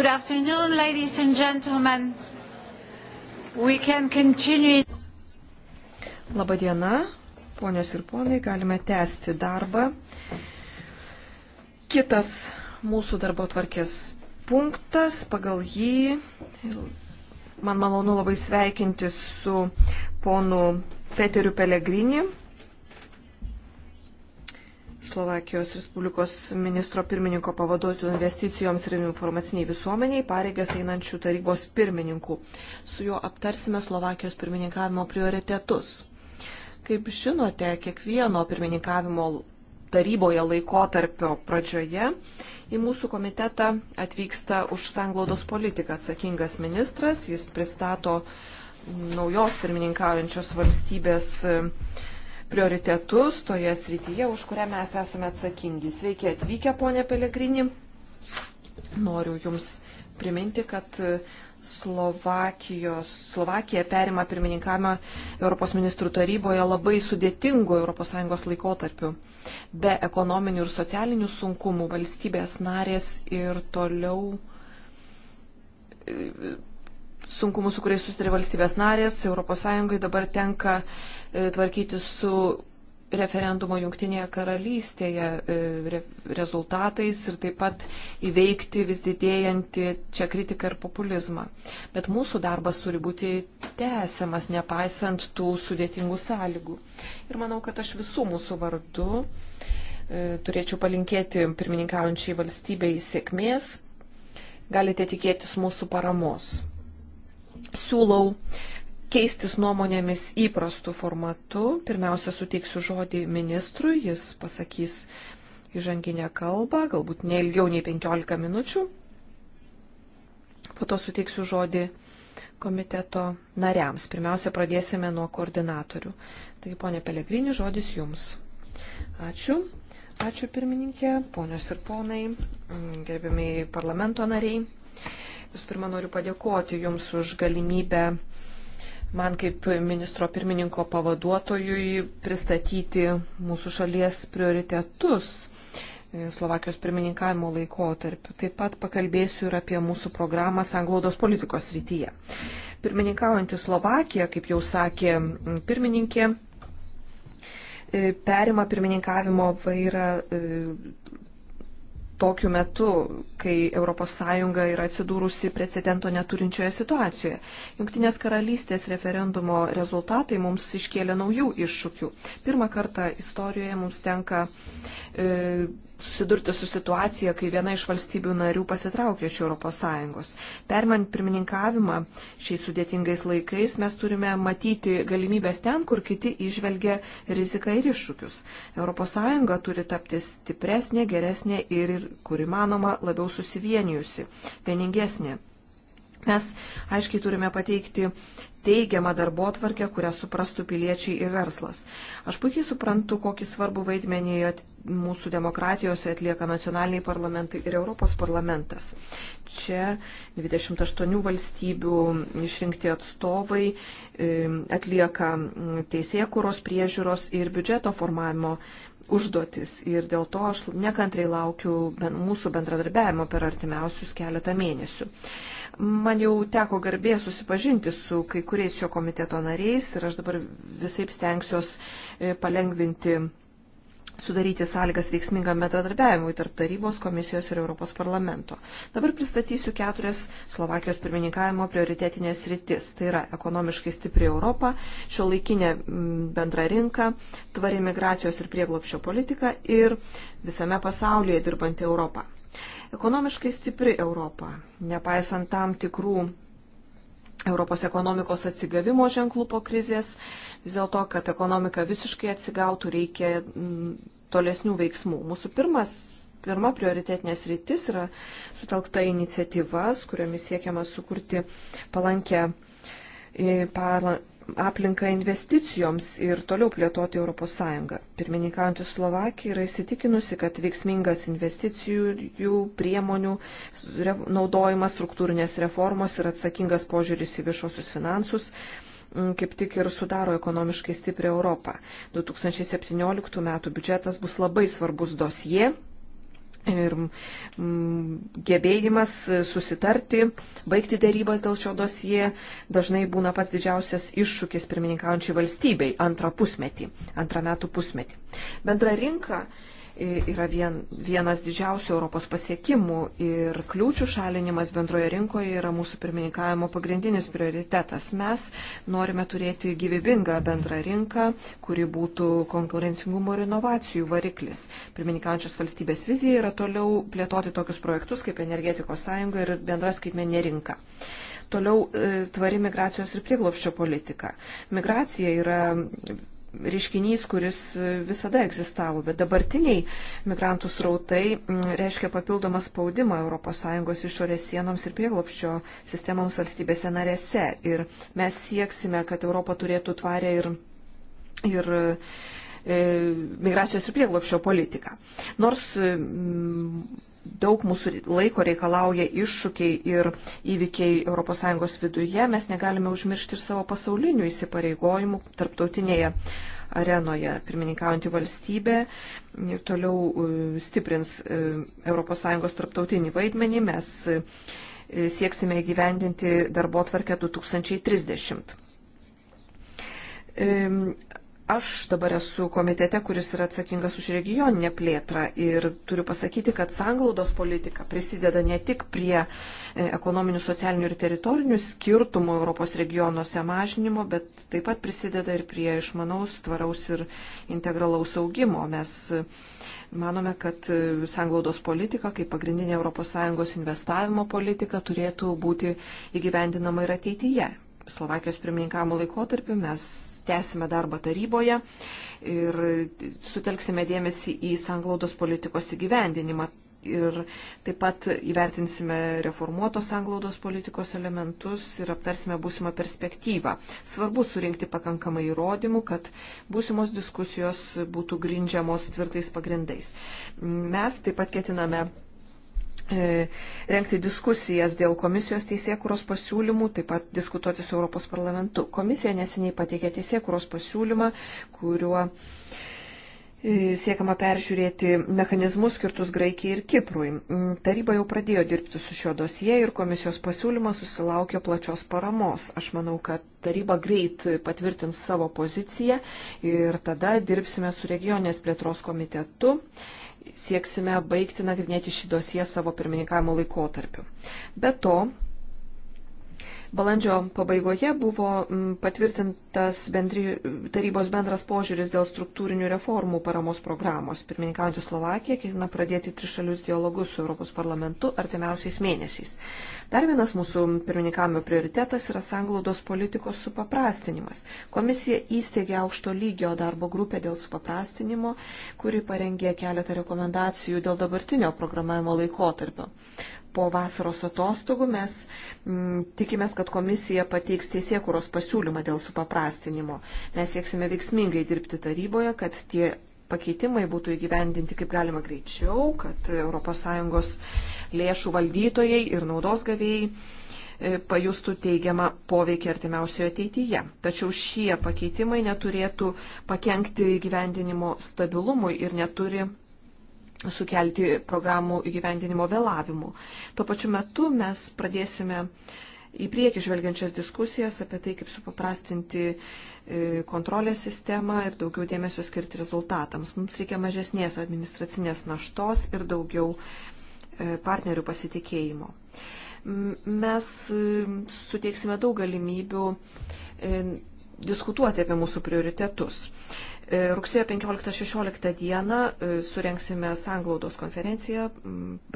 Good afternoon, ladies and gentlemen. We can continue. Labą dieną, ponios ir ponai, galime tęsti darbą. Kitas mūsų darbo tvarkės punktas, pagal jį man malonu labai sveikinti su ponu Peteriu Pelegriniu, Slovakijos Respublikos ministro pirmininko pavaduotojų investicijoms ir informaciniai visuomeniai pareigas einančių tarybos pirmininkų. Su juo aptarsime Slovakijos pirmininkavimo prioritetus. Kaip žinote, kiekvieno pirmininkavimo taryboje laikotarpio pradžioje į mūsų komitetą atvyksta už sanglaudos politiką atsakingas ministras. Jis pristato naujos pirmininkaujančios valstybės prioritetus toje srityje, už kurią mes esame atsakingi. Sveiki atvykę, ponė Pelegrini. Noriu Jums priminti, kad Slovakijos, Slovakija perima pirmininkavimą Europos ministrų taryboje labai sudėtingu ES laikotarpiu. Be ekonominių ir socialinių sunkumų valstybės narės ir toliau e, sunkumų, su kuriais susitarė valstybės narės, ES dabar tenka E, tvarkyti su referendumo jungtinėje karalystėje e, rezultatais ir taip pat įveikti vis didėjantį čia kritiką ir populizmą. Bet mūsų darbas turi būti tęsiamas, nepaisant tų sudėtingų sąlygų. Ir manau, kad aš visų mūsų vardu e, turėčiau palinkėti pirmininkaujančiai valstybei sėkmės. Galite tikėtis mūsų paramos. Siūlau keistis nuomonėmis įprastu formatu. Pirmiausia, suteiksiu žodį ministrui, jis pasakys įžanginę kalbą, galbūt ne ilgiau nei 15 minučių. Po to suteiksiu žodį komiteto nariams. Pirmiausia, pradėsime nuo koordinatorių. Taigi, ponė Pelegrini, žodis jums. Ačiū. Ačiū pirmininkė, ponios ir ponai, gerbiamiai parlamento nariai. Visų pirma, noriu padėkoti Jums už galimybę man kaip ministro pirmininko pavaduotojui pristatyti mūsų šalies prioritetus Slovakijos pirmininkavimo laikotarpiu. Taip pat pakalbėsiu ir apie mūsų programą sanglaudos politikos rytyje. Pirmininkaujantį Slovakiją, kaip jau sakė pirmininkė, e, perima pirmininkavimo vairą e, tokiu metu, kai ES yra atsidūrusi precedento neturinčioje situacijoje. Junktinės karalystės referendumo rezultatai mums iškėlė naujų iššūkių. Pirmą kartą istorijoje mums tenka e, susidurti su situacija, kai viena iš valstybių narių pasitraukė iš ES. Permant pirmininkavimą šiais sudėtingais laikais mes turime matyti galimybės ten, kur kiti išvelgia riziką ir iššūkius. ES turi tapti stipresnė, geresnė ir, kur įmanoma, labiau susivienijusi, vieningesnė. Mes aiškiai turime pateikti teigiamą darbo atvarkę, kurią suprastų piliečiai ir verslas. Aš puikiai suprantu, kokį svarbų vaidmenį mūsų demokratijose atlieka nacionaliniai parlamentai ir Europos parlamentas. Čia 28 valstybių išrinkti atstovai e, atlieka teisėkuros priežiūros ir biudžeto formavimo užduotis. Ir dėl to aš nekantrai laukiu mūsų bendradarbiavimo per artimiausius keletą mėnesių. Man jau teko garbė susipažinti su kai kuriais šio komiteto nariais ir aš dabar visai stengsiuos e, palengvinti, sudaryti sąlygas veiksmingam metradarbiavimui tarp tarybos, komisijos ir Europos parlamento. Dabar pristatysiu keturias Slovakijos pirmininkavimo prioritetinės rytis. Tai yra ekonomiškai stipri Europa, šio laikinė bendra rinka, tvari migracijos ir prieglopščio politika ir visame pasaulyje dirbanti Europą ekonomiškai stipri Europa, nepaisant tam tikrų Europos ekonomikos atsigavimo ženklų po krizės, vis dėlto, kad ekonomika visiškai atsigautų, reikia mm, tolesnių veiksmų. Mūsų pirmas, pirma prioritetinės rytis yra sutelkta iniciatyvas, kuriomis siekiama sukurti palankę aplinką investicijoms ir toliau plėtoti ES. Pirmininkaujantį Slovakiją yra įsitikinusi, kad veiksmingas investicijų priemonių naudojimas struktūrinės reformos ir atsakingas požiūris į viešosius finansus mm, kaip tik ir sudaro ekonomiškai stiprią Europą. 2017 m. biudžetas bus labai svarbus dosie ir mm, gebėjimas susitarti, baigti dėrybas dėl šio dosie dažnai būna pats didžiausias iššūkis pirmininkaujančiai valstybei antrą pusmetį, antrą metų pusmetį. Bendra rinka yra vien, vienas didžiausių Europos pasiekimų ir kliūčių šalinimas bendroje rinkoje yra mūsų pirmininkavimo pagrindinis prioritetas. Mes norime turėti gyvybingą bendrą rinką, kuri būtų konkurencingumo ir inovacijų variklis. Pirmininkaujančios valstybės vizija yra toliau plėtoti tokius projektus kaip energetikos sąjunga ir bendra skaitmenė rinka. Toliau e, tvari migracijos ir prieglopščio politika. Migracija yra reiškinys, kuris visada egzistavo, bet dabartiniai migrantų srautai mm, reiškia papildomą spaudimą ES išorės sienoms ir prieglopščio sistemoms valstybėse narėse. Ir mes sieksime, kad Europa turėtų tvarę ir, ir e, migracijos ir prieglopščio politiką. Nors mm, daug mūsų laiko reikalauja iššūkiai ir įvykiai ES viduje, mes negalime užmiršti ir savo pasaulinių įsipareigojimų tarptautinėje arenoje. Pirmininkaujantį valstybę e, toliau e, stiprins ES tarptautinį vaidmenį, mes e, sieksime įgyvendinti darbo tvarkę 2030 Aš dabar esu komitete, kuris yra atsakingas už regioninę plėtrą ir turiu pasakyti, kad sanglaudos politika prisideda ne tik prie e, ekonominių, socialinių ir teritorinių skirtumų Europos regionuose mažinimo, bet taip pat prisideda ir prie išmanaus, tvaraus ir integralaus augimo. Mes e, manome, kad e, sanglaudos politika kaip pagrindinė ES investavimo politika turėtų būti įgyvendinama ir ateityje. Slovakijos pirmininkamo laikotarpiu mes tęsime darbą taryboje ir sutelksime dėmesį į sanglaudos politikos įgyvendinimą. Ir taip pat įvertinsime reformuotos sanglaudos politikos elementus ir aptarsime būsimą perspektyvą. Svarbu surinkti pakankamai įrodymų, kad būsimos diskusijos būtų grindžiamos tvirtais pagrindais. Mes taip pat ketiname E, rengti diskusijas dėl komisijos teisėkuros pasiūlymų, taip pat diskutuoti su Europos parlamentu. Komisija neseniai pateikė teisėkuros pasiūlymą, kuriuo e, siekiama peržiūrėti mechanizmus skirtus Graikijai ir Kiprui. Mm, taryba jau pradėjo dirbti su šio dosie ir komisijos pasiūlymas susilaukė plačios paramos. Aš manau, kad taryba greit patvirtins savo poziciją ir tada dirbsime su regionės plėtros komitetu sieksime baigti nagrinėti šį dosiją savo pirmininkavimo laikotarpiu. Be to, Balandžio pabaigoje buvo mm, patvirtintas bendri, tarybos bendras požiūris dėl struktūrinių reformų paramos programos. Pirmininkaujantį Slovakiją ketina pradėti trišalius dialogus su Europos parlamentu artimiausiais mėnesiais. Dar vienas mūsų pirmininkavimo prioritetas yra sanglaudos politikos supaprastinimas. Komisija įsteigė aukšto lygio darbo grupę dėl supaprastinimo, kuri parengė keletą rekomendacijų dėl dabartinio programavimo laikotarpio po vasaros atostogų mes m, mm, tikimės, kad komisija pateiks teisėkuros pasiūlymą dėl supaprastinimo. Mes sieksime veiksmingai dirbti taryboje, kad tie pakeitimai būtų įgyvendinti kaip galima greičiau, kad ES lėšų valdytojai ir naudos gavėjai e, pajustų teigiamą poveikį artimiausioje ateityje. Tačiau šie pakeitimai neturėtų pakengti įgyvendinimo stabilumui ir neturi sukelti programų įgyvendinimo vėlavimų. Tuo pačiu metu mes pradėsime į priekį žvelgiančias diskusijas apie tai, kaip supaprastinti e, kontrolės sistemą ir daugiau dėmesio skirti rezultatams. Mums reikia mažesnės administracinės naštos ir daugiau e, partnerių pasitikėjimo. Mes e, suteiksime daug galimybių diskutuoti apie mūsų prioritetus. E, rugsėjo 15-16 dieną e, surenksime sanglaudos konferenciją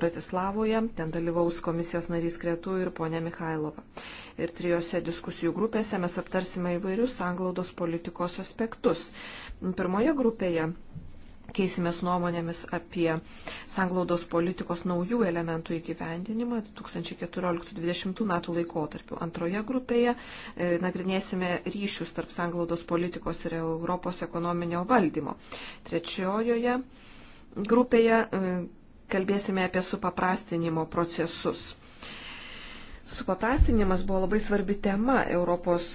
Bratislavoje, ten dalyvaus komisijos narys Kretų ir ponė Mikhailova. Ir trijose diskusijų grupėse mes aptarsime įvairius sanglaudos politikos aspektus. Pirmoje grupėje Keisimės nuomonėmis apie sanglaudos politikos naujų elementų įgyvendinimą 2014-2020 metų laikotarpiu. Antroje grupėje e, nagrinėsime ryšius tarp sanglaudos politikos ir Europos ekonominio valdymo. Trečiojoje grupėje e, kalbėsime apie supaprastinimo procesus. Supaprastinimas buvo labai svarbi tema Europos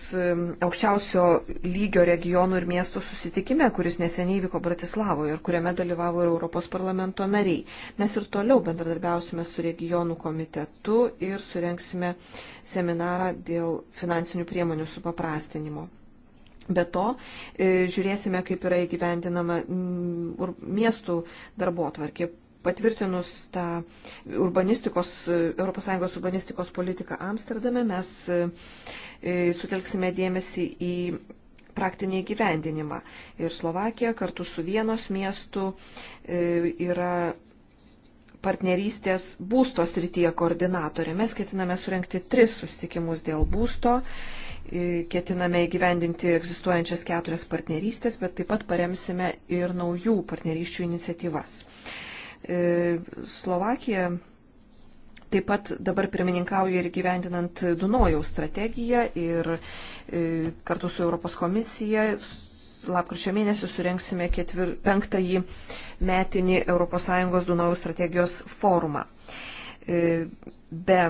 aukščiausio lygio regionų ir miestų susitikime, kuris neseniai vyko Bratislavoje ir kuriame dalyvavo ir Europos parlamento nariai. Mes ir toliau bendradarbiausime su regionų komitetu ir surenksime seminarą dėl finansinių priemonių supaprastinimo. Be to, e, žiūrėsime, kaip yra įgyvendinama miestų darbo atvarkė patvirtinus tą urbanistikos, ES urbanistikos politiką Amsterdame, mes e, sutelksime dėmesį į praktinį įgyvendinimą. Ir Slovakija kartu su vienos miestu e, yra partnerystės būsto srityje koordinatorė. Mes ketiname surenkti tris sustikimus dėl būsto, e, ketiname įgyvendinti egzistuojančias keturias partnerystės, bet taip pat paremsime ir naujų partnerysčių iniciatyvas. E, Slovakija taip pat dabar pirmininkauja ir gyvendinant Dunojaus strategiją ir e, kartu su Europos komisija lapkričio mėnesį surenksime ketvir, penktąjį metinį ES Dunojaus strategijos forumą. E, be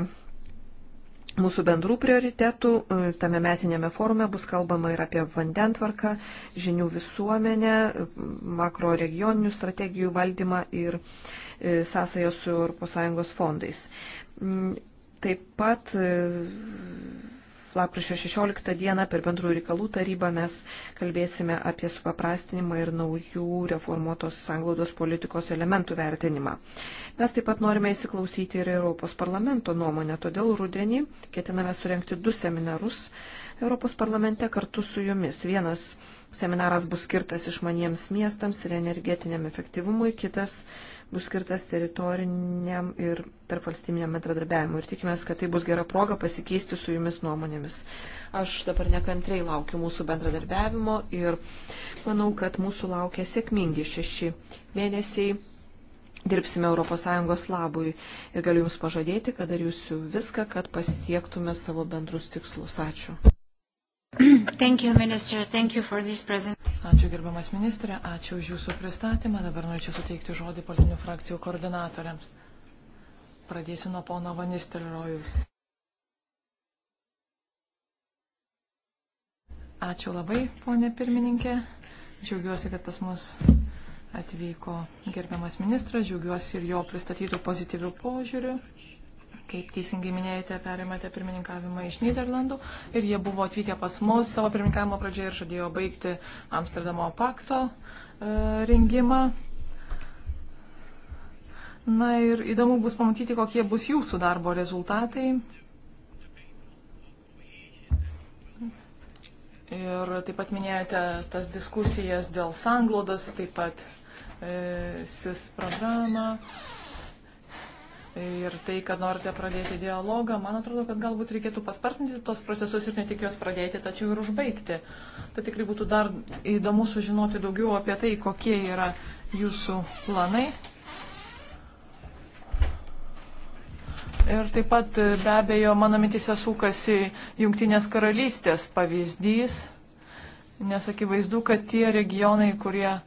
mūsų bendrų prioritetų. E, tame metinėme forume bus kalbama ir apie vandentvarką, žinių visuomenę, makro regioninių strategijų valdymą ir e, sąsają su ES fondais. Mm, taip pat e, lapkričio 16 dieną per bendrų reikalų tarybą mes kalbėsime apie supaprastinimą ir naujų reformuotos sanglaudos politikos elementų vertinimą. Mes taip pat norime įsiklausyti ir Europos parlamento nuomonę, todėl rudenį ketiname surenkti du seminarus Europos parlamente kartu su jumis. Vienas seminaras bus skirtas išmaniems miestams ir energetiniam efektyvumui, kitas bus skirtas teritoriniam ir tarpvalstybiniam bendradarbiavimui. Ir tikimės, kad tai bus gera proga pasikeisti su jumis nuomonėmis. Aš dabar nekantriai laukiu mūsų bendradarbiavimo ir manau, kad mūsų laukia sėkmingi šeši mėnesiai. Dirbsime ES labui ir galiu Jums pažadėti, kad darysiu viską, kad pasiektume savo bendrus tikslus. Ačiū. Thank you, Minister. Thank you for this presentation. Ačiū gerbiamas ministrė, ačiū už Jūsų pristatymą. Dabar norėčiau suteikti žodį politinių frakcijų koordinatoriams. Pradėsiu nuo pono Vanistelrojus. Ačiū labai, ponė pirmininkė. Džiaugiuosi, kad pas mus atvyko gerbiamas ministras, džiaugiuosi ir jo pristatytų pozityvių požiūrių kaip teisingai minėjote, perėmėte pirmininkavimą iš Niderlandų ir jie buvo atvykę pas mus savo pirmininkavimo pradžioje ir žadėjo baigti Amsterdamo pakto e, rengimą. Na ir įdomu bus pamatyti, kokie bus jūsų darbo rezultatai. Ir taip pat minėjote tas diskusijas dėl sanglodas, taip pat e, SIS programą. E, ir tai, kad norite pradėti dialogą, man atrodo, kad galbūt reikėtų paspartinti tos procesus ir ne tik juos pradėti, tačiau ir užbaigti. Tai tikrai būtų dar įdomu sužinoti daugiau apie tai, kokie yra jūsų planai. Ir taip pat be abejo mano mintise sukasi Junktinės karalystės pavyzdys, nes akivaizdu, kad tie regionai, kurie e,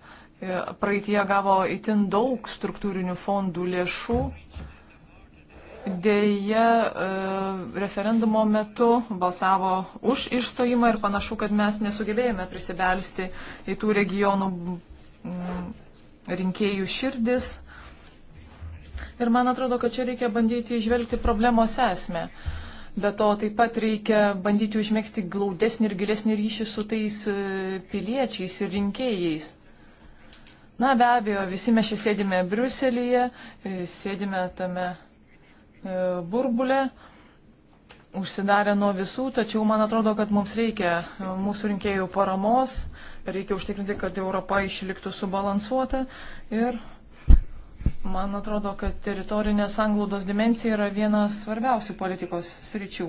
praeitie gavo itin daug struktūrinių fondų lėšų, dėja e, referendumo metu balsavo už išstojimą ir panašu, kad mes nesugebėjome prisibelsti į tų regionų mm, rinkėjų širdis. Ir man atrodo, kad čia reikia bandyti išvelgti problemos esmę. Be to taip pat reikia bandyti užmėgsti glaudesnį ir gilesnį ryšį su tais e, piliečiais ir rinkėjais. Na be abejo, visi mes čia sėdime Briuselyje, e, sėdime tame E, burbulę, užsidarę nuo visų, tačiau man atrodo, kad mums reikia e, mūsų rinkėjų paramos, reikia užtikrinti, kad Europa išliktų subalansuota ir man atrodo, kad teritorinės anglodos dimencija yra vienas svarbiausių politikos sričių.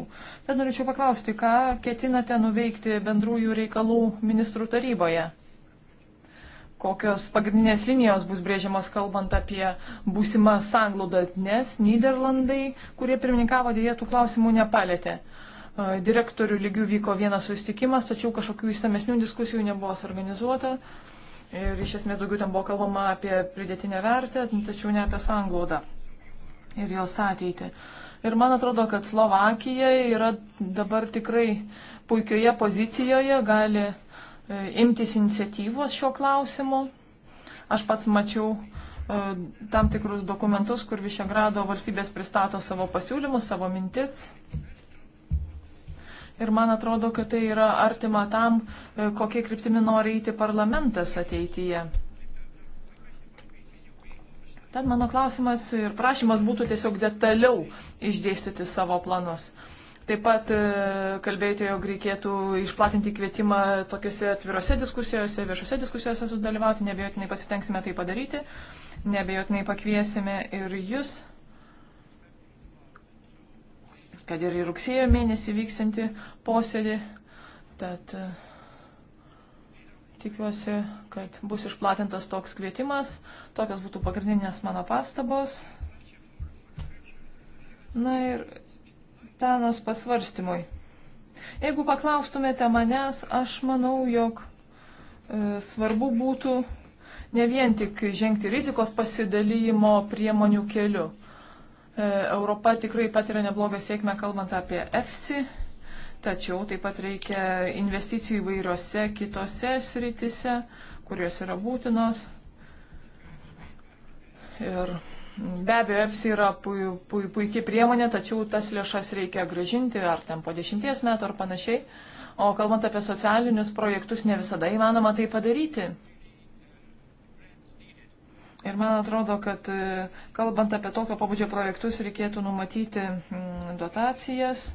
Tad norėčiau paklausti, ką ketinate nuveikti bendrųjų reikalų ministrų taryboje? kokios pagrindinės linijos bus brėžiamos, kalbant apie būsimą sanglaudą, nes Niderlandai, kurie pirmininkavo, dėja tų klausimų nepalėtė. E, direktorių lygių vyko vienas susitikimas, tačiau kažkokių įsamesnių diskusijų nebuvo suorganizuota. Ir iš esmės daugiau ten buvo kalbama apie pridėtinę vertę, tačiau ne apie sanglaudą ir jos ateitį. Ir man atrodo, kad Slovakija yra dabar tikrai puikioje pozicijoje, gali E, imtis iniciatyvos šiuo klausimu. Aš pats mačiau e, tam tikrus dokumentus, kur Višegrado valstybės pristato savo pasiūlymus, savo mintis. Ir man atrodo, kad tai yra artima tam, e, kokie kryptimi nori eiti parlamentas ateityje. Tad mano klausimas ir prašymas būtų tiesiog detaliau išdėstyti savo planus. Taip pat e, kalbėjote, jog reikėtų išplatinti kvietimą tokiuose atvirose diskusijose, viešose diskusijose sudalyvauti, nebejotinai pasitengsime tai padaryti, nebejotinai pakviesime ir jūs, kad ir į rugsėjo mėnesį vyksinti posėdį. Tad e, tikiuosi, kad bus išplatintas toks kvietimas. Tokios būtų pagrindinės mano pastabos. Na ir penas pasvarstymui. Jeigu paklaustumėte manęs, aš manau, jog e, svarbu būtų ne vien tik žengti rizikos pasidalymo priemonių keliu. E, Europa tikrai patiria neblogą sėkmę kalbant apie EFSI, tačiau taip pat reikia investicijų įvairiose kitose sritise, kurios yra būtinos. Ir Be abejo, EPSI yra pui, pui, puikiai priemonė, tačiau tas lėšas reikia gražinti ar ten po dešimties metų ar panašiai. O kalbant apie socialinius projektus, ne visada įmanoma tai padaryti. Ir man atrodo, kad e, kalbant apie tokio pabudžio projektus, reikėtų numatyti mm, dotacijas.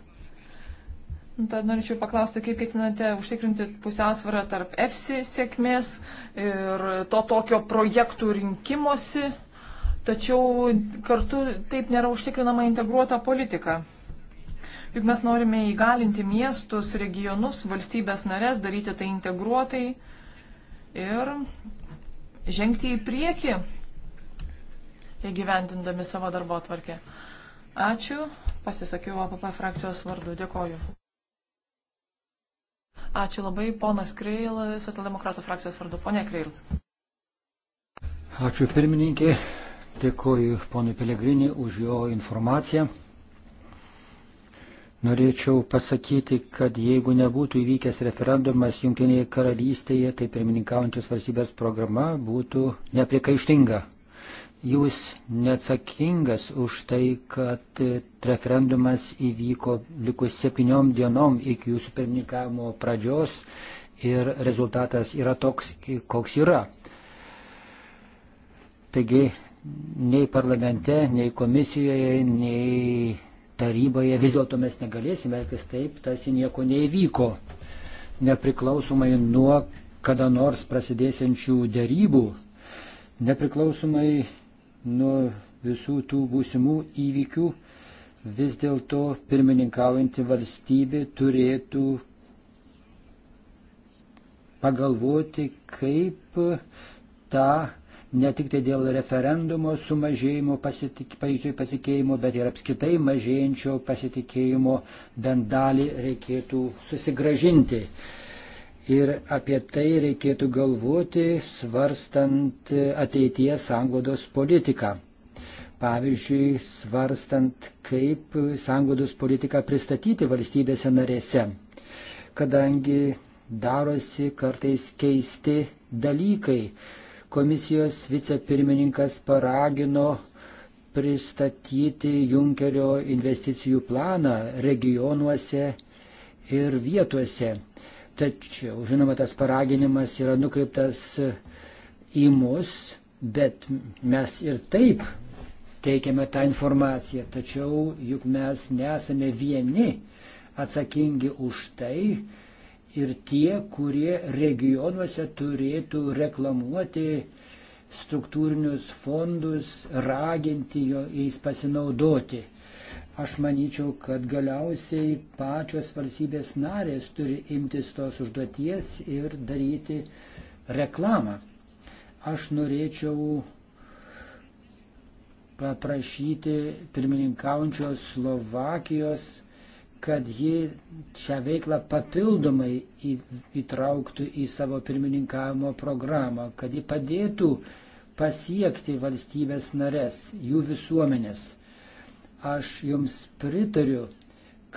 Tad norėčiau paklausti, kaip ketinate užtikrinti pusiausvyrą tarp EFSI sėkmės ir to tokio projektų rinkimosi tačiau kartu taip nėra užtikrinama integruota politika. Juk mes norime įgalinti miestus, regionus, valstybės narės, daryti tai integruotai ir žengti į priekį, įgyvendindami savo darbo atvarkę. Ačiū, pasisakiau APP frakcijos vardu, dėkoju. Ačiū labai, ponas Kreil, Socialdemokratų frakcijos vardu, ponė Kreil. Ačiū pirmininkė, Dėkuoju ponui Pelegrinį už jo informaciją. Norėčiau pasakyti, kad jeigu nebūtų įvykęs referendumas Junktinėje karalystėje, tai pirmininkaujančios valstybės programa būtų neprikaištinga. Jūs neatsakingas už tai, kad referendumas įvyko likus septyniom dienom iki jūsų pirmininkavimo pradžios ir rezultatas yra toks, koks yra. Taigi nei parlamente, nei komisijoje, nei taryboje vis dėlto mes negalėsime elgtis taip, tarsi nieko neįvyko. Nepriklausomai nuo kada nors prasidėsiančių dėrybų, nepriklausomai nuo visų tų būsimų įvykių, vis dėlto pirmininkaujanti valstybė turėtų pagalvoti, kaip tą ne tik tai dėl referendumo sumažėjimo pasikeimo, bet ir apskaitai mažėjančio pasikeimo bent dalį reikėtų susigražinti. Ir apie tai reikėtų galvoti, svarstant ateities anglodos politiką. Pavyzdžiui, svarstant, kaip sanglodos politiką pristatyti valstybėse narėse, kadangi darosi kartais keisti dalykai. Komisijos vicepirmininkas paragino pristatyti Junkerio investicijų planą regionuose ir vietuose. Tačiau, žinoma, tas paraginimas yra nukreiptas į mus, bet mes ir taip teikiame tą informaciją. Tačiau juk mes nesame vieni atsakingi už tai, ir tie, kurie regionuose turėtų reklamuoti struktūrinius fondus, raginti jais pasinaudoti. Aš manyčiau, kad galiausiai pačios valstybės narės turi imtis tos užduoties ir daryti reklamą. Aš norėčiau paprašyti pirmininkaujančios Slovakijos kad ji šią veiklą papildomai įtrauktų į savo pirmininkavimo programą, kad ji padėtų pasiekti valstybės narės, jų visuomenės. Aš jums pritariu,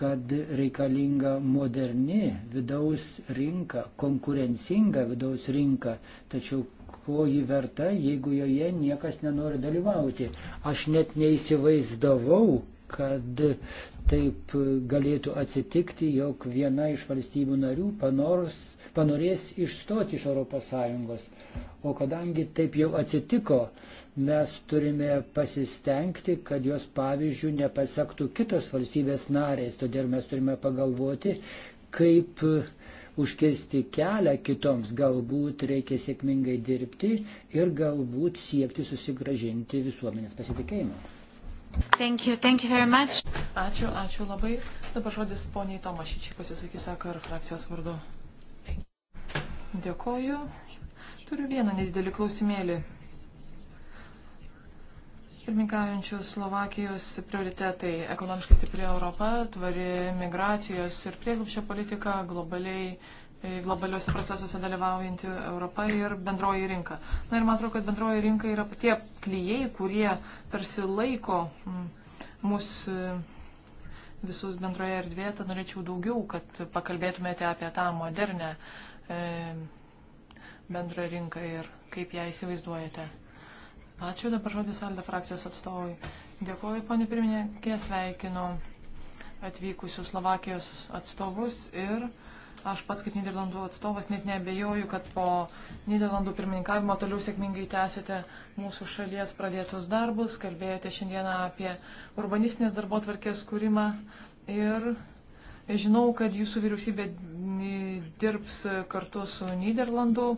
kad reikalinga moderni vidaus rinka, konkurencinga vidaus rinka, tačiau ko ji verta, jeigu joje niekas nenori dalyvauti. Aš net neįsivaizdavau, kad Taip e, galėtų atsitikti, jog viena iš valstybių narių panors, panorės išstoti iš ES. O kadangi taip jau atsitiko, mes turime pasistengti, kad jos pavyzdžių nepasektų kitos valstybės narės. Todėl mes turime pagalvoti, kaip e, užkirsti kelią kitoms, galbūt reikia sėkmingai dirbti ir galbūt siekti susigražinti visuomenės pasitikėjimą. Thank you, thank you very much. Ačiū, ačiū labai. Dabar žodis poniai Tomašyčiai pasisakys AKR frakcijos vardu. Dėkoju. Turiu vieną nedidelį klausimėlį. Pirmininkaujančių Slovakijos prioritetai - ekonomiškai stipri Europa, tvari migracijos ir prieglupščio politika, globaliai globaliuose procesuose dalyvaujanti Europa ir bendroji rinka. Na ir man atrodo, kad bendroji rinka yra tie klyjei, kurie tarsi laiko mm, mus e, visus bendroje erdvėje, tad norėčiau daugiau, kad pakalbėtumėte apie tą modernę e, bendrą rinką ir kaip ją įsivaizduojate. Ačiū dabar žodis Alda frakcijos atstovui. Dėkuoju, ponė pirmininkė, sveikinu atvykusius Slovakijos atstovus ir uh, Aš pats kaip Niderlandų atstovas net nebejoju, kad po Niderlandų pirmininkavimo toliau sėkmingai tęsite mūsų šalies pradėtus darbus, kalbėjote šiandieną apie urbanistinės darbo tvarkės kūrimą ir žinau, kad jūsų vyriausybė dirbs kartu su Niderlandų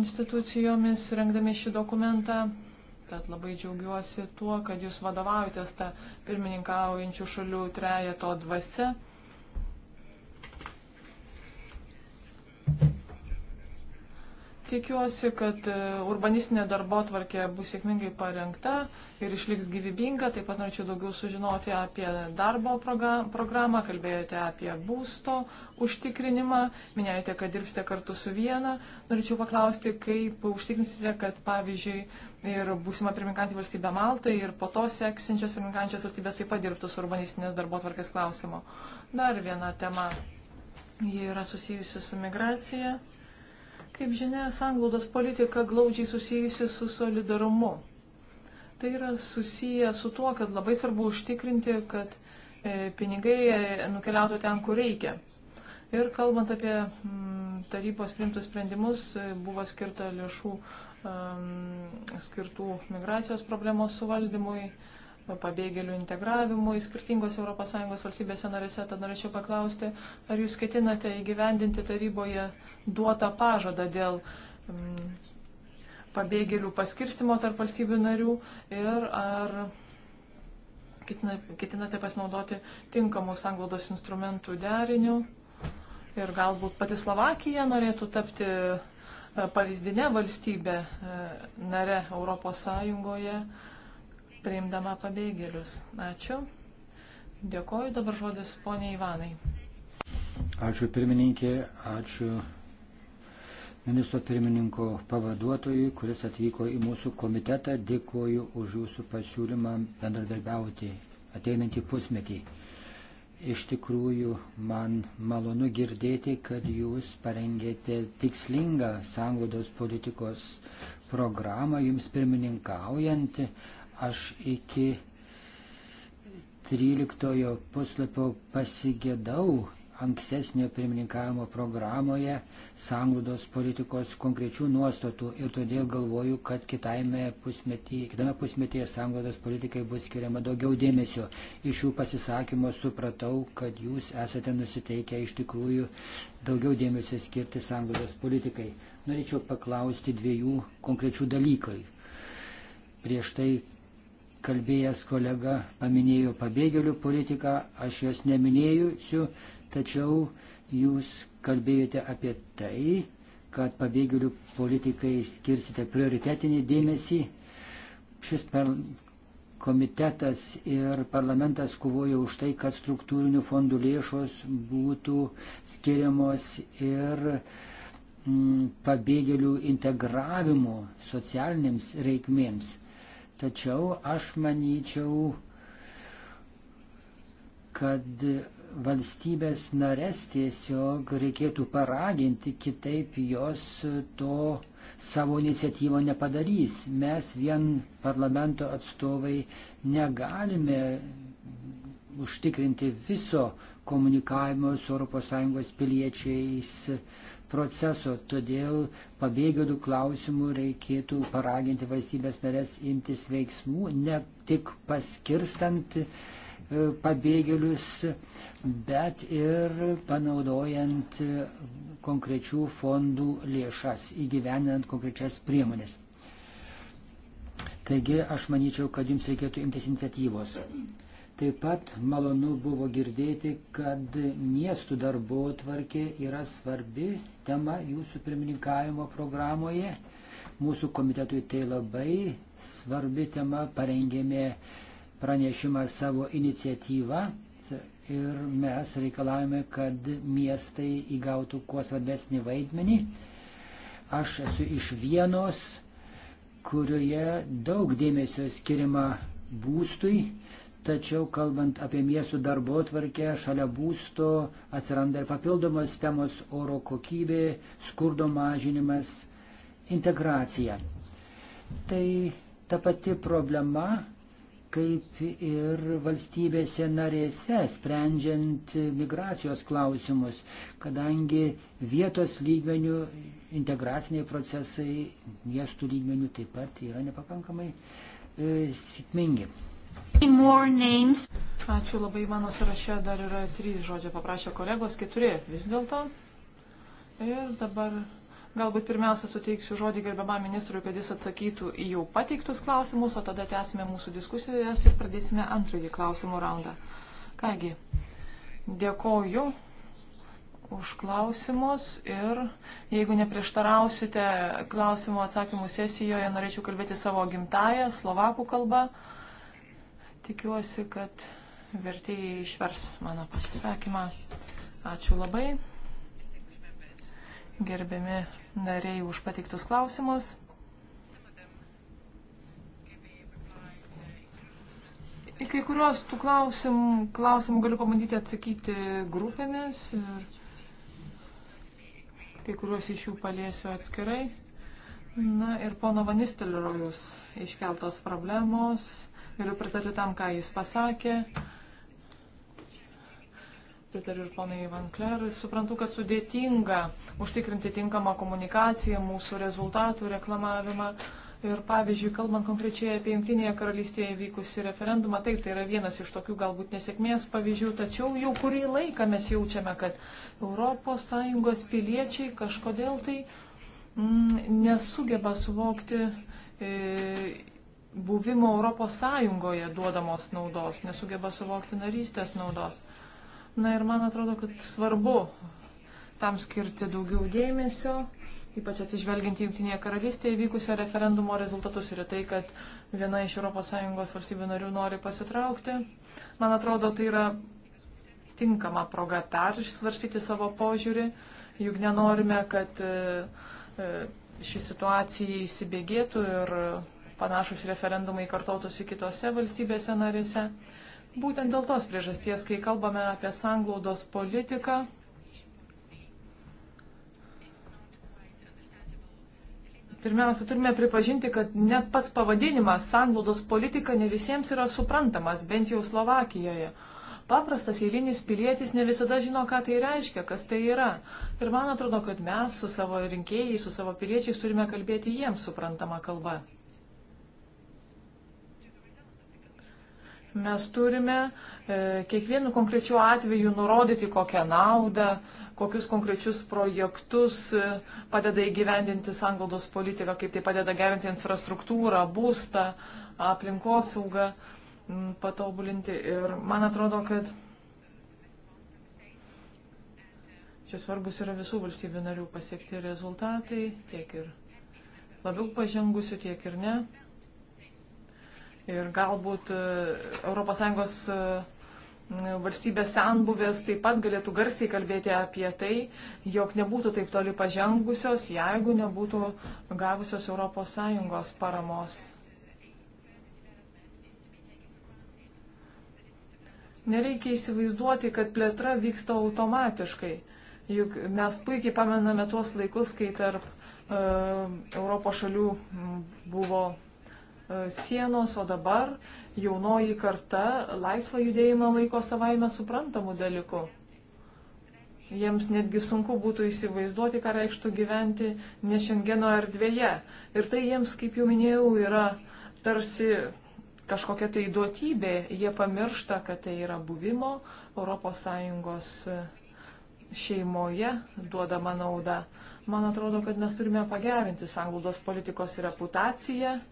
institucijomis rengdami šį dokumentą. Tad labai džiaugiuosi tuo, kad jūs vadovaujatės tą pirmininkaujančių šalių trejeto dvasia. Tikiuosi, kad e, urbanistinė darbo tvarkė bus sėkmingai parengta ir išliks gyvybinga. Taip pat norėčiau daugiau sužinoti apie darbo programą, kalbėjote apie būsto užtikrinimą, minėjote, kad dirbsite kartu su viena. Norėčiau paklausti, kaip užtikrinsite, kad pavyzdžiui ir būsima pirmininkantį valstybę Maltą ir po to seksinčios pirmininkančios valstybės taip pat dirbtų su urbanistinės darbo tvarkės klausimu. Dar viena tema. Ji yra susijusi su migracija. Kaip žinia, sanglaudos politika glaudžiai susijusi su solidarumu. Tai yra susiję su tuo, kad labai svarbu užtikrinti, kad e, pinigai e, nukeliautų ten, kur reikia. Ir kalbant apie mm, tarybos primtus sprendimus, e, buvo skirta lėšų skirtų migracijos problemos suvaldymui, pabėgėlių integravimui skirtingos ES valstybėse narėse. Tad norėčiau paklausti, ar jūs ketinate įgyvendinti taryboje duotą pažadą dėl mm, pabėgėlių paskirstimo tarp valstybių narių ir ar ketinate pasinaudoti tinkamų sanglaudos instrumentų deriniu ir galbūt pati Slovakija norėtų tapti e, pavyzdinė valstybė e, nare Europos Sąjungoje, priimdama pabėgėlius. Ačiū. Dėkoju dabar žodis poniai Ivanai. Ačiū pirmininkė, ačiū ministro pirmininko pavaduotojui, kuris atvyko į mūsų komitetą. Dėkuoju už jūsų pasiūlymą bendradarbiauti ateinantį pusmetį. Iš tikrųjų, man malonu girdėti, kad jūs parengėte tikslingą sanglodos politikos programą jums pirmininkaujant. Aš iki 13 puslapio pasigėdau ankstesnio pirmininkavimo programoje sanglaudos politikos konkrečių nuostatų ir todėl galvoju, kad kitame pusmetyje, kitame pusmetyje sanglaudos politikai bus skiriama daugiau dėmesio. Iš jų pasisakymo supratau, kad jūs esate nusiteikę iš tikrųjų daugiau dėmesio skirti sanglaudos politikai. Norėčiau paklausti dviejų konkrečių dalykai. Prieš tai kalbėjęs kolega paminėjo pabėgėlių politiką, aš jos neminėjusiu, tačiau jūs kalbėjote apie tai, kad pabėgėlių politikai skirsite prioritetinį dėmesį. Šis komitetas ir parlamentas kovoja už tai, kad struktūrinių fondų lėšos būtų skiriamos ir m, mm, pabėgėlių integravimo socialinėms reikmėms. Tačiau aš manyčiau, kad valstybės narės tiesiog reikėtų paraginti, kitaip jos to savo iniciatyvo nepadarys. Mes vien parlamento atstovai negalime užtikrinti viso komunikavimo su ES piliečiais proceso. Todėl pabėgėlių klausimų reikėtų paraginti valstybės narės imtis veiksmų, ne tik paskirstant E, pabėgėlius, bet ir panaudojant konkrečių fondų lėšas, įgyvendinant konkrečias priemonės. Taigi aš manyčiau, kad jums reikėtų imtis iniciatyvos. Taip pat malonu buvo girdėti, kad miestų darbo tvarkė yra svarbi tema jūsų pirmininkavimo programoje. Mūsų komitetui tai labai svarbi tema, parengėme pranešimą savo iniciatyvą ir mes reikalavome, kad miestai įgautų kuo svarbesnį vaidmenį. Aš esu iš vienos, kurioje daug dėmesio skirima būstui, tačiau kalbant apie miestų darbo tvarkę, šalia būsto atsiranda ir papildomos temos oro kokybė, skurdo mažinimas, integracija. Tai ta pati problema kaip ir valstybėse narėse, sprendžiant migracijos klausimus, kadangi vietos lygmenių integraciniai procesai miestų lygmenių taip pat yra nepakankamai e, sėkmingi. Ačiū labai, mano sąraše dar yra trys žodžiai, paprašė kolegos, keturi vis dėlto. Ir dabar Galbūt pirmiausia suteiksiu žodį gerbiamam ministrui, kad jis atsakytų į jau pateiktus klausimus, o tada tęsime mūsų diskusijas ir pradėsime antrąjį klausimų raundą. Kągi, dėkoju už klausimus ir jeigu neprieštarausite klausimų atsakymų sesijoje, norėčiau kalbėti savo gimtają, slovakų kalbą. Tikiuosi, kad vertėjai išvers mano pasisakymą. Ačiū labai gerbiami nariai už pateiktus klausimus. Į kai kuriuos tų klausimų, klausimų galiu pamatyti atsakyti grupėmis ir kai kuriuos iš jų paliesiu atskirai. Na ir pono Vanistelirojus iškeltos problemos, galiu pritarti tam, ką jis pasakė pritariu ir ponai Van Kler, suprantu, kad sudėtinga užtikrinti tinkamą komunikaciją, mūsų rezultatų reklamavimą. Ir pavyzdžiui, kalbant konkrečiai apie Junktinėje karalystėje vykusi referendumą, taip, tai yra vienas iš tokių galbūt nesėkmės pavyzdžių, tačiau jau kurį laiką mes jaučiame, kad ES piliečiai kažkodėl tai mm, nesugeba suvokti e, buvimo ES duodamos naudos, nesugeba suvokti narystės naudos. E, Na ir man atrodo, kad svarbu tam skirti daugiau dėmesio, ypač atsižvelgiant į Junktinėje karalystėje vykusio referendumo rezultatus ir tai, kad viena iš ES valstybių narių nori pasitraukti. Man atrodo, tai yra tinkama proga persvarstyti savo požiūrį, juk nenorime, kad e, e, ši situacija įsibėgėtų ir panašus referendumai kartotųsi kitose valstybėse narėse. Būtent dėl tos priežasties, kai kalbame apie sanglaudos politiką, pirmiausia, turime pripažinti, kad net pats pavadinimas sanglaudos politika ne visiems yra suprantamas, bent jau Slovakijoje. Paprastas eilinis pilietis ne visada žino, ką tai reiškia, kas tai yra. Ir man atrodo, kad mes su savo rinkėjai, su savo piliečiais turime kalbėti jiems suprantamą kalbą. mes turime e, kiekvienu konkrečiu atveju nurodyti kokią naudą, kokius konkrečius projektus e, padeda įgyvendinti sanglaudos politiką, kaip tai padeda gerinti infrastruktūrą, būstą, aplinkosaugą, patobulinti. Ir man atrodo, kad čia svarbus yra visų valstybių narių pasiekti rezultatai, tiek ir labiau pažengusių, tiek ir ne ir galbūt ES e, valstybės senbuvės taip pat galėtų garsiai kalbėti apie tai, jog nebūtų taip toli pažengusios, jeigu nebūtų gavusios ES paramos. Nereikia įsivaizduoti, kad plėtra vyksta automatiškai. Juk mes puikiai pamename tuos laikus, kai tarp uh, Europos šalių buvo E, sienos, o dabar jaunoji karta laisvą judėjimą laiko savaime suprantamų dalykų. Jiems netgi sunku būtų įsivaizduoti, ką reikštų gyventi ne šengeno erdvėje. Ir tai jiems, kaip jau minėjau, yra tarsi kažkokia tai duotybė. Jie pamiršta, kad tai yra buvimo ES e, šeimoje duodama nauda. Man atrodo, kad mes turime pagerinti sanglaudos politikos reputaciją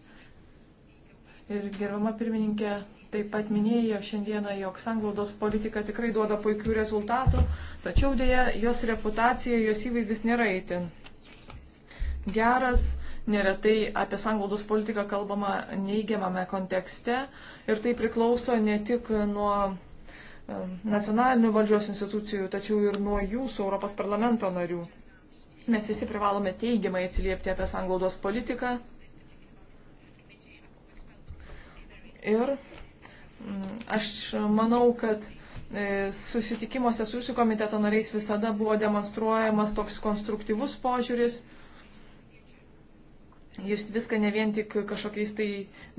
Ir gerbama pirmininkė taip pat minėjo šiandieną, jog sanglaudos politika tikrai duoda puikių rezultatų, tačiau dėja jos reputacija, jos įvaizdis nėra įtin geras. Neretai apie sanglaudos politiką kalbama neigiamame kontekste ir tai priklauso ne tik nuo um, nacionalinių valdžios institucijų, tačiau ir nuo jūsų Europos parlamento narių. Mes visi privalome teigiamai atsiliepti apie sanglaudos politiką Ir mm, aš manau, kad e, susitikimuose su jūsų komiteto nariais visada buvo demonstruojamas toks konstruktyvus požiūris. Jūs viską ne vien tik kažkokiais tai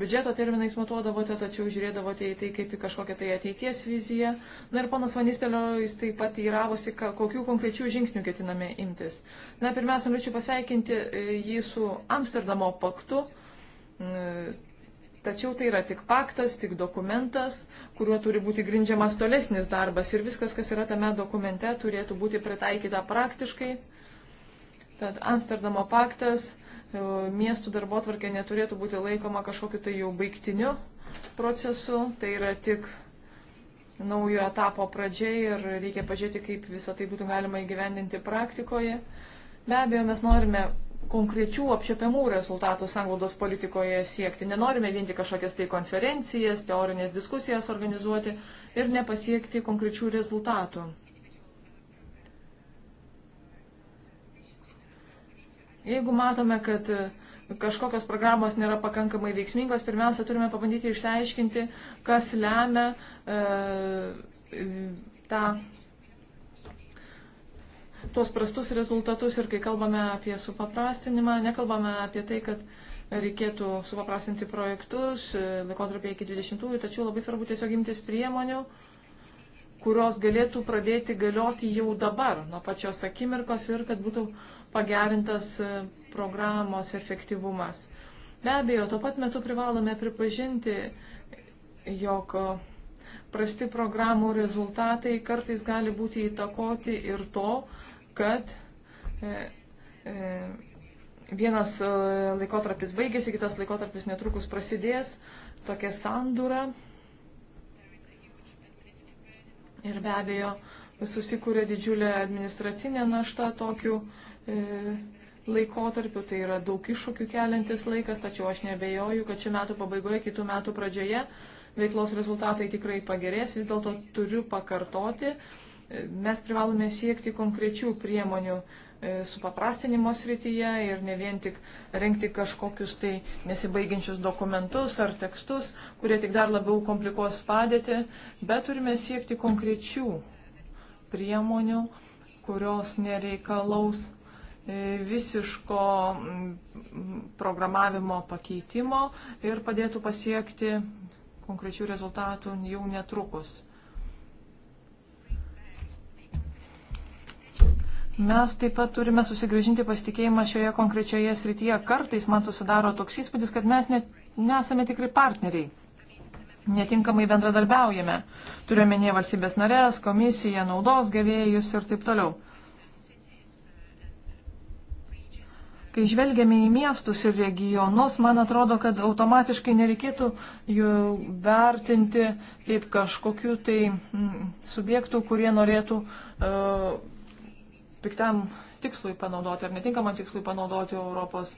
biudžeto terminais matuodavote, tačiau žiūrėdavote į tai kaip į kažkokią tai ateities viziją. Na ir ponas Vanistelio, jis taip pat įravosi, kokių konkrečių žingsnių ketiname imtis. Na, pirmiausia, norėčiau pasveikinti e, jį su Amsterdamo paktu. E, Tačiau tai yra tik paktas, tik dokumentas, kuriuo turi būti grindžiamas tolesnis darbas ir viskas, kas yra tame dokumente, turėtų būti pritaikyta praktiškai. Tad Amsterdamo paktas, e, miestų darbo tvarkė neturėtų būti laikoma kažkokiu tai jau baigtiniu procesu, tai yra tik naujo etapo pradžia ir reikia pažiūrėti, kaip visą tai būtų galima įgyvendinti praktikoje. Be abejo, mes norime konkrečių apčiopiamų rezultatų sanglaudos politikoje siekti. Nenorime vien tik kažkokias tai konferencijas, teorinės diskusijas organizuoti ir nepasiekti konkrečių rezultatų. Jeigu matome, kad kažkokios programos nėra pakankamai veiksmingos, pirmiausia, turime pabandyti išsiaiškinti, kas lemia e, tą tuos prastus rezultatus ir kai kalbame apie supaprastinimą, nekalbame apie tai, kad reikėtų supaprastinti projektus e, laikotarpį iki 20-ųjų, tačiau labai svarbu tiesiog imtis priemonių, kurios galėtų pradėti galioti jau dabar, nuo pačios akimirkos ir kad būtų pagerintas e, programos efektyvumas. Be abejo, tuo pat metu privalome pripažinti, jog e, prasti programų rezultatai kartais gali būti įtakoti ir to, kad e, e, vienas e, laikotarpis baigėsi, kitas laikotarpis netrukus prasidės, tokia sandūra. Ir be abejo, susikūrė didžiulė administracinė našta tokiu e, laikotarpiu, tai yra daug iššūkių keliantis laikas, tačiau aš nebejoju, kad šių metų pabaigoje, kitų metų pradžioje veiklos rezultatai tikrai pagerės, vis dėlto turiu pakartoti, Mes privalome siekti konkrečių priemonių e, supaprastinimo srityje ir ne vien tik renkti kažkokius tai nesibaigiančius dokumentus ar tekstus, kurie tik dar labiau komplikuos padėtį, bet turime siekti konkrečių priemonių, kurios nereikalaus e, visiško programavimo pakeitimo ir padėtų pasiekti konkrečių rezultatų jau netrukus. Mes taip pat turime susigražinti pasitikėjimą šioje konkrečioje srityje. Kartais man susidaro toks įspūdis, kad mes net, nesame tikri partneriai. Netinkamai bendradarbiaujame. Turiuomenėje valstybės narės, komisiją, naudos gavėjus ir taip toliau. kai žvelgiame į miestus ir regionus, man atrodo, kad automatiškai nereikėtų jų vertinti kaip kažkokių tai mm, subjektų, kurie norėtų uh, piktam tikslui panaudoti ar netinkamam tikslui panaudoti Europos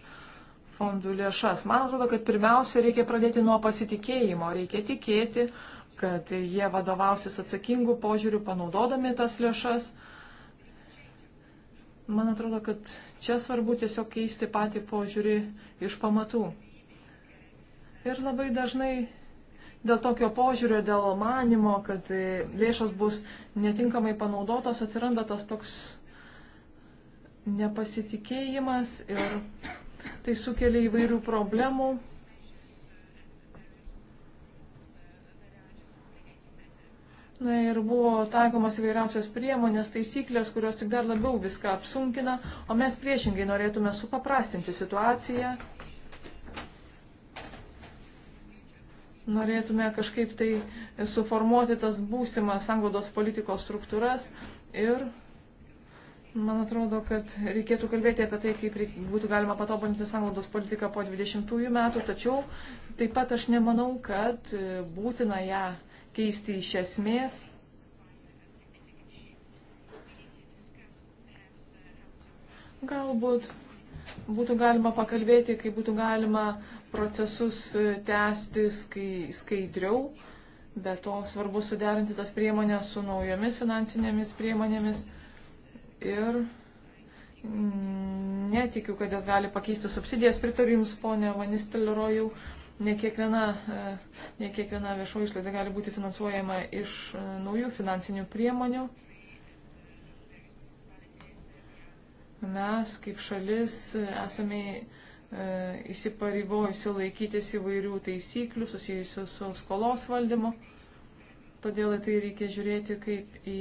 fondų lėšas. Man atrodo, kad pirmiausia reikia pradėti nuo pasitikėjimo, reikia tikėti, kad jie vadovausis atsakingų požiūrių panaudodami tas lėšas. Man atrodo, kad čia svarbu tiesiog keisti patį požiūrį iš pamatų. Ir labai dažnai dėl tokio požiūrio, dėl manimo, kad lėšos bus netinkamai panaudotos, atsiranda tas toks nepasitikėjimas ir tai sukelia įvairių problemų. Na ir buvo taikomas įvairiausios priemonės, taisyklės, kurios tik dar labiau viską apsunkina, o mes priešingai norėtume supaprastinti situaciją. Norėtume kažkaip tai suformuoti tas būsimas anglodos politikos struktūras ir Man atrodo, kad reikėtų kalbėti apie tai, kaip būtų galima patobulinti sanglaudos politiką po 20 metų, tačiau taip pat aš nemanau, kad e, būtina ją keisti iš esmės. Galbūt būtų galima pakalbėti, kaip būtų galima procesus e, tęsti skaidriau, bet to svarbu suderinti tas priemonės su naujomis finansinėmis priemonėmis ir mm, netikiu, kad jas gali pakeisti subsidijas. Pritariu Jums, ponė Vanistelrojau, ne kiekviena, e, ne kiekviena viešo išlaida gali būti finansuojama iš e, naujų finansinių priemonių. Mes kaip šalis esame e, įsipareigojusi laikytis įvairių taisyklių susijusių su skolos valdymu. Todėl į tai reikia žiūrėti kaip į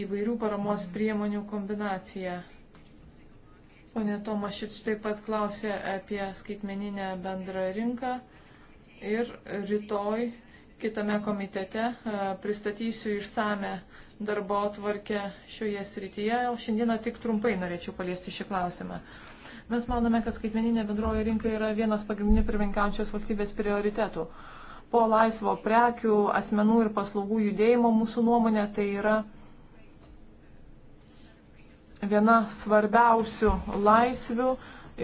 įvairių paramos priemonių kombinacija. Pone Tomašič taip pat klausė apie skaitmeninę bendrą rinką ir rytoj kitame komitete e, pristatysiu išsame darbo atvarkę šioje srityje, o šiandieną tik trumpai norėčiau paliesti šį klausimą. Mes manome, kad skaitmeninė bendroji rinka yra vienas pagrindinių pirmininkančios valstybės prioritetų. Po laisvo prekių, asmenų ir paslaugų judėjimo mūsų nuomonė tai yra viena svarbiausių laisvių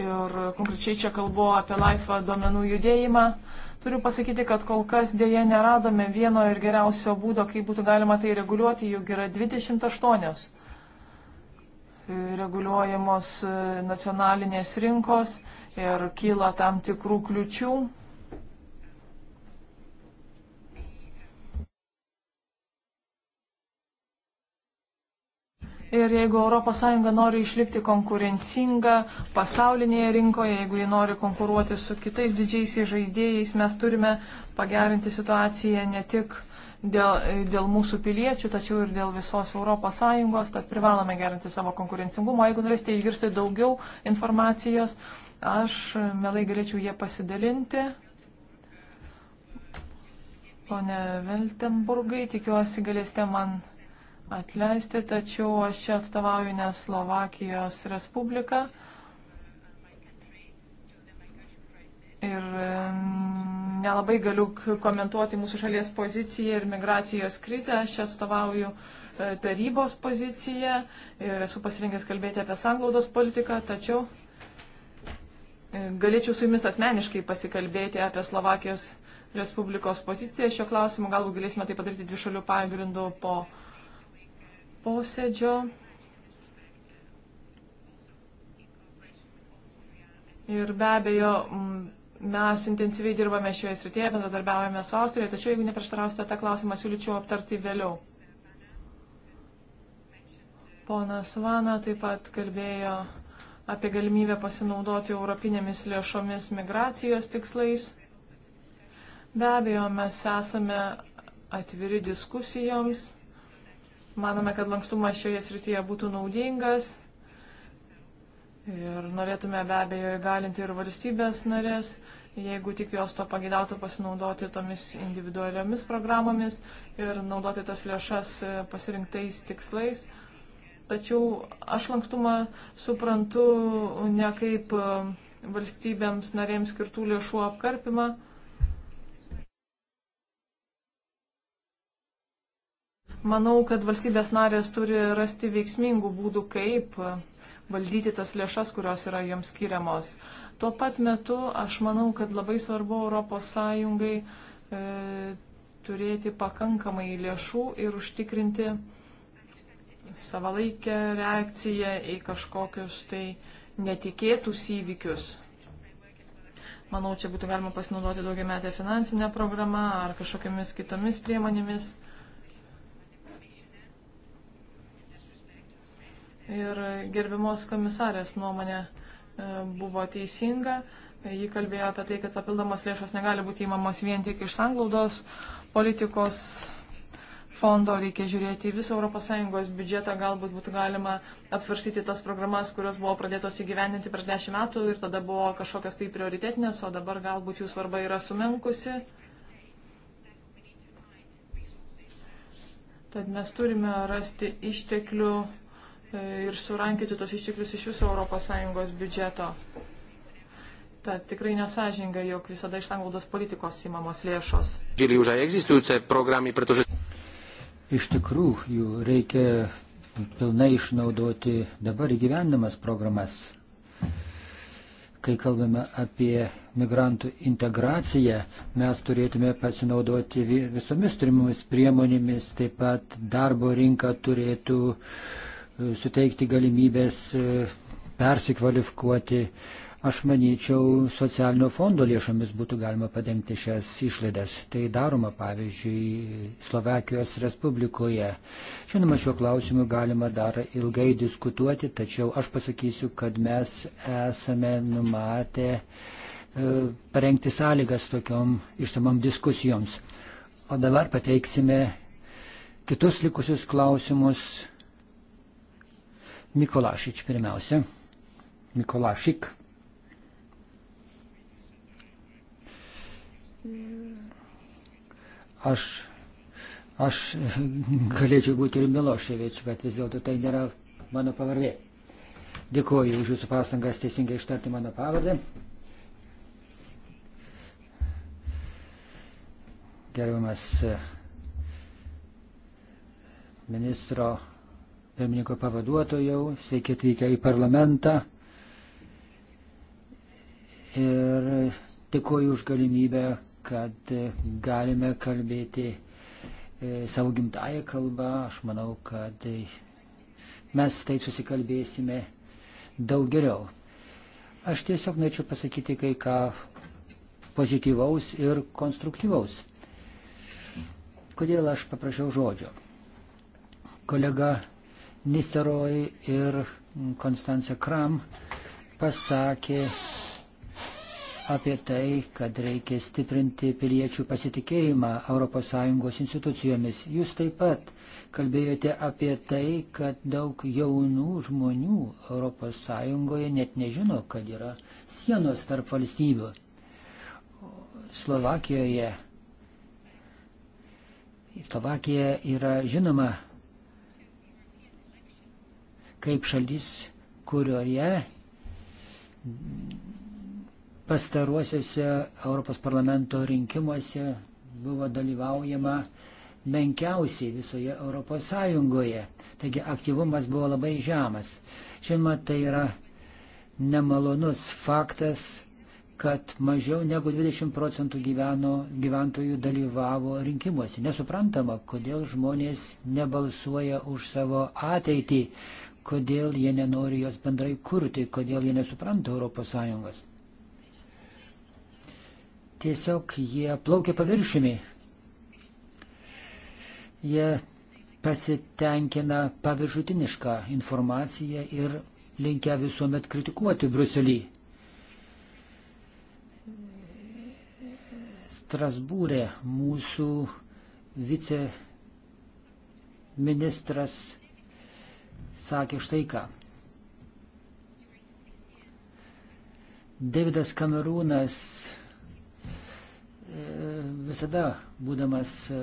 ir konkrečiai čia kalbu apie laisvą duomenų judėjimą. Turiu pasakyti, kad kol kas dėje neradome vieno ir geriausio būdo, kaip būtų galima tai reguliuoti, juk yra 28 reguliuojamos nacionalinės rinkos ir kyla tam tikrų kliučių Ir jeigu ES nori išlikti konkurencinga pasaulinėje rinkoje, jeigu ji nori konkuruoti su kitais didžiaisiais žaidėjais, mes turime pagerinti situaciją ne tik dėl, dėl mūsų piliečių, tačiau ir dėl visos ES, tad privalome gerinti savo konkurencingumą. Jeigu norėsite išgirsti daugiau informacijos, aš melai galėčiau jie pasidalinti. Pone Veltenburgai, tikiuosi galėsite man atleisti, tačiau aš čia atstovauju ne Slovakijos Respubliką. Ir nelabai galiu komentuoti mūsų šalies poziciją ir migracijos krizę. Aš čia atstovauju e, tarybos poziciją ir esu pasirinkęs kalbėti apie sanglaudos politiką, tačiau e, galėčiau su jumis asmeniškai pasikalbėti apie Slovakijos Respublikos poziciją šio klausimu. Galbūt galėsime tai padaryti dvišalių pagrindų po posėdžio ir be abejo mes intensyviai dirbame šioje srityje, bendradarbiaujame su Austrija, tačiau jeigu neprieštarausite tą klausimą, siūlyčiau aptarti vėliau. Ponas Vana taip pat kalbėjo apie galimybę pasinaudoti europinėmis lėšomis migracijos tikslais. Be abejo, mes esame atviri diskusijoms. Manome, kad lankstumas šioje srityje būtų naudingas ir norėtume be abejo įgalinti ir valstybės narės, jeigu tik jos to pagidautų pasinaudoti tomis individualiomis programomis ir naudoti tas lėšas e, pasirinktais tikslais. Tačiau aš lankstumą suprantu ne kaip e, valstybėms narėms skirtų lėšų apkarpimą. Manau, kad valstybės narės turi rasti veiksmingų būdų, kaip valdyti tas lėšas, kurios yra joms skiriamos. Tuo pat metu aš manau, kad labai svarbu ES e, turėti pakankamai lėšų ir užtikrinti savalaikę reakciją į kažkokius tai netikėtus įvykius. Manau, čia būtų galima pasinaudoti daugiametę finansinę programą ar kažkokiamis kitomis priemonėmis. ir gerbimos komisarės nuomonė e, buvo teisinga. Ji kalbėjo apie tai, kad papildomos lėšos negali būti įmamos vien tik iš sanglaudos politikos fondo, reikia žiūrėti į visą ES biudžetą, galbūt būtų galima apsvarstyti tas programas, kurios buvo pradėtos įgyveninti prieš dešimt metų ir tada buvo kažkokios tai prioritetinės, o dabar galbūt jų svarba yra sumenkusi. Tad mes turime rasti išteklių ir surankyti tos išteklius iš viso ES biudžeto. Ta tikrai nesažinga, jog visada iš sanglaudos politikos įmamos lėšos. Iš tikrųjų, jų reikia pilnai išnaudoti dabar įgyvendamas programas. Kai kalbame apie migrantų integraciją, mes turėtume pasinaudoti visomis turimomis priemonėmis, taip pat darbo rinka turėtų uh, suteikti galimybės e, persikvalifikuoti. Aš manyčiau, socialinio fondo lėšomis būtų galima padengti šias išlaidas. Tai daroma, pavyzdžiui, Slovakijos Respublikoje. Žinoma, šiuo klausimu galima dar ilgai diskutuoti, tačiau aš pasakysiu, kad mes esame numatę e, parengti sąlygas tokiom išsamam diskusijoms. O dabar pateiksime kitus likusius klausimus Mikolašič pirmiausia. Mikolašik. Aš, aš galėčiau būti ir Miloševič, bet vis dėlto tai nėra mano pavardė. Dėkuoju už Jūsų pastangas teisingai ištarti mano pavardę. Gerbiamas e, ministro pirmininko pavaduotojau, sveiki atvykę į parlamentą. Ir dėkoju už galimybę, kad galime kalbėti e, savo gimtają kalbą. Aš manau, kad mes taip susikalbėsime daug geriau. Aš tiesiog norėčiau pasakyti kai ką pozityvaus ir konstruktyvaus. Kodėl aš paprašiau žodžio? Kolega Nisteroj ir Konstancija Kram pasakė apie tai, kad reikia stiprinti piliečių pasitikėjimą ES institucijomis. Jūs taip pat kalbėjote apie tai, kad daug jaunų žmonių ES net nežino, kad yra sienos tarp valstybių. Slovakijoje. Slovakija yra žinoma kaip šalis, kurioje pastaruosiuose Europos parlamento rinkimuose buvo dalyvaujama menkiausiai visoje Europos Sąjungoje. Taigi aktyvumas buvo labai žemas. Žinoma, tai yra nemalonus faktas, kad mažiau negu 20 procentų gyveno, gyventojų dalyvavo rinkimuose. Nesuprantama, kodėl žmonės nebalsuoja už savo ateitį, kodėl jie nenori jos bendrai kurti, kodėl jie nesupranta ES. Tiesiog jie plaukia paviršimi. Jie pasitenkina paviršutinišką informaciją ir linkia visuomet kritikuoti Bruselį. Strasbūrė mūsų viceministras sakė štai ką. Davidas Kamerūnas e, visada, būdamas, e,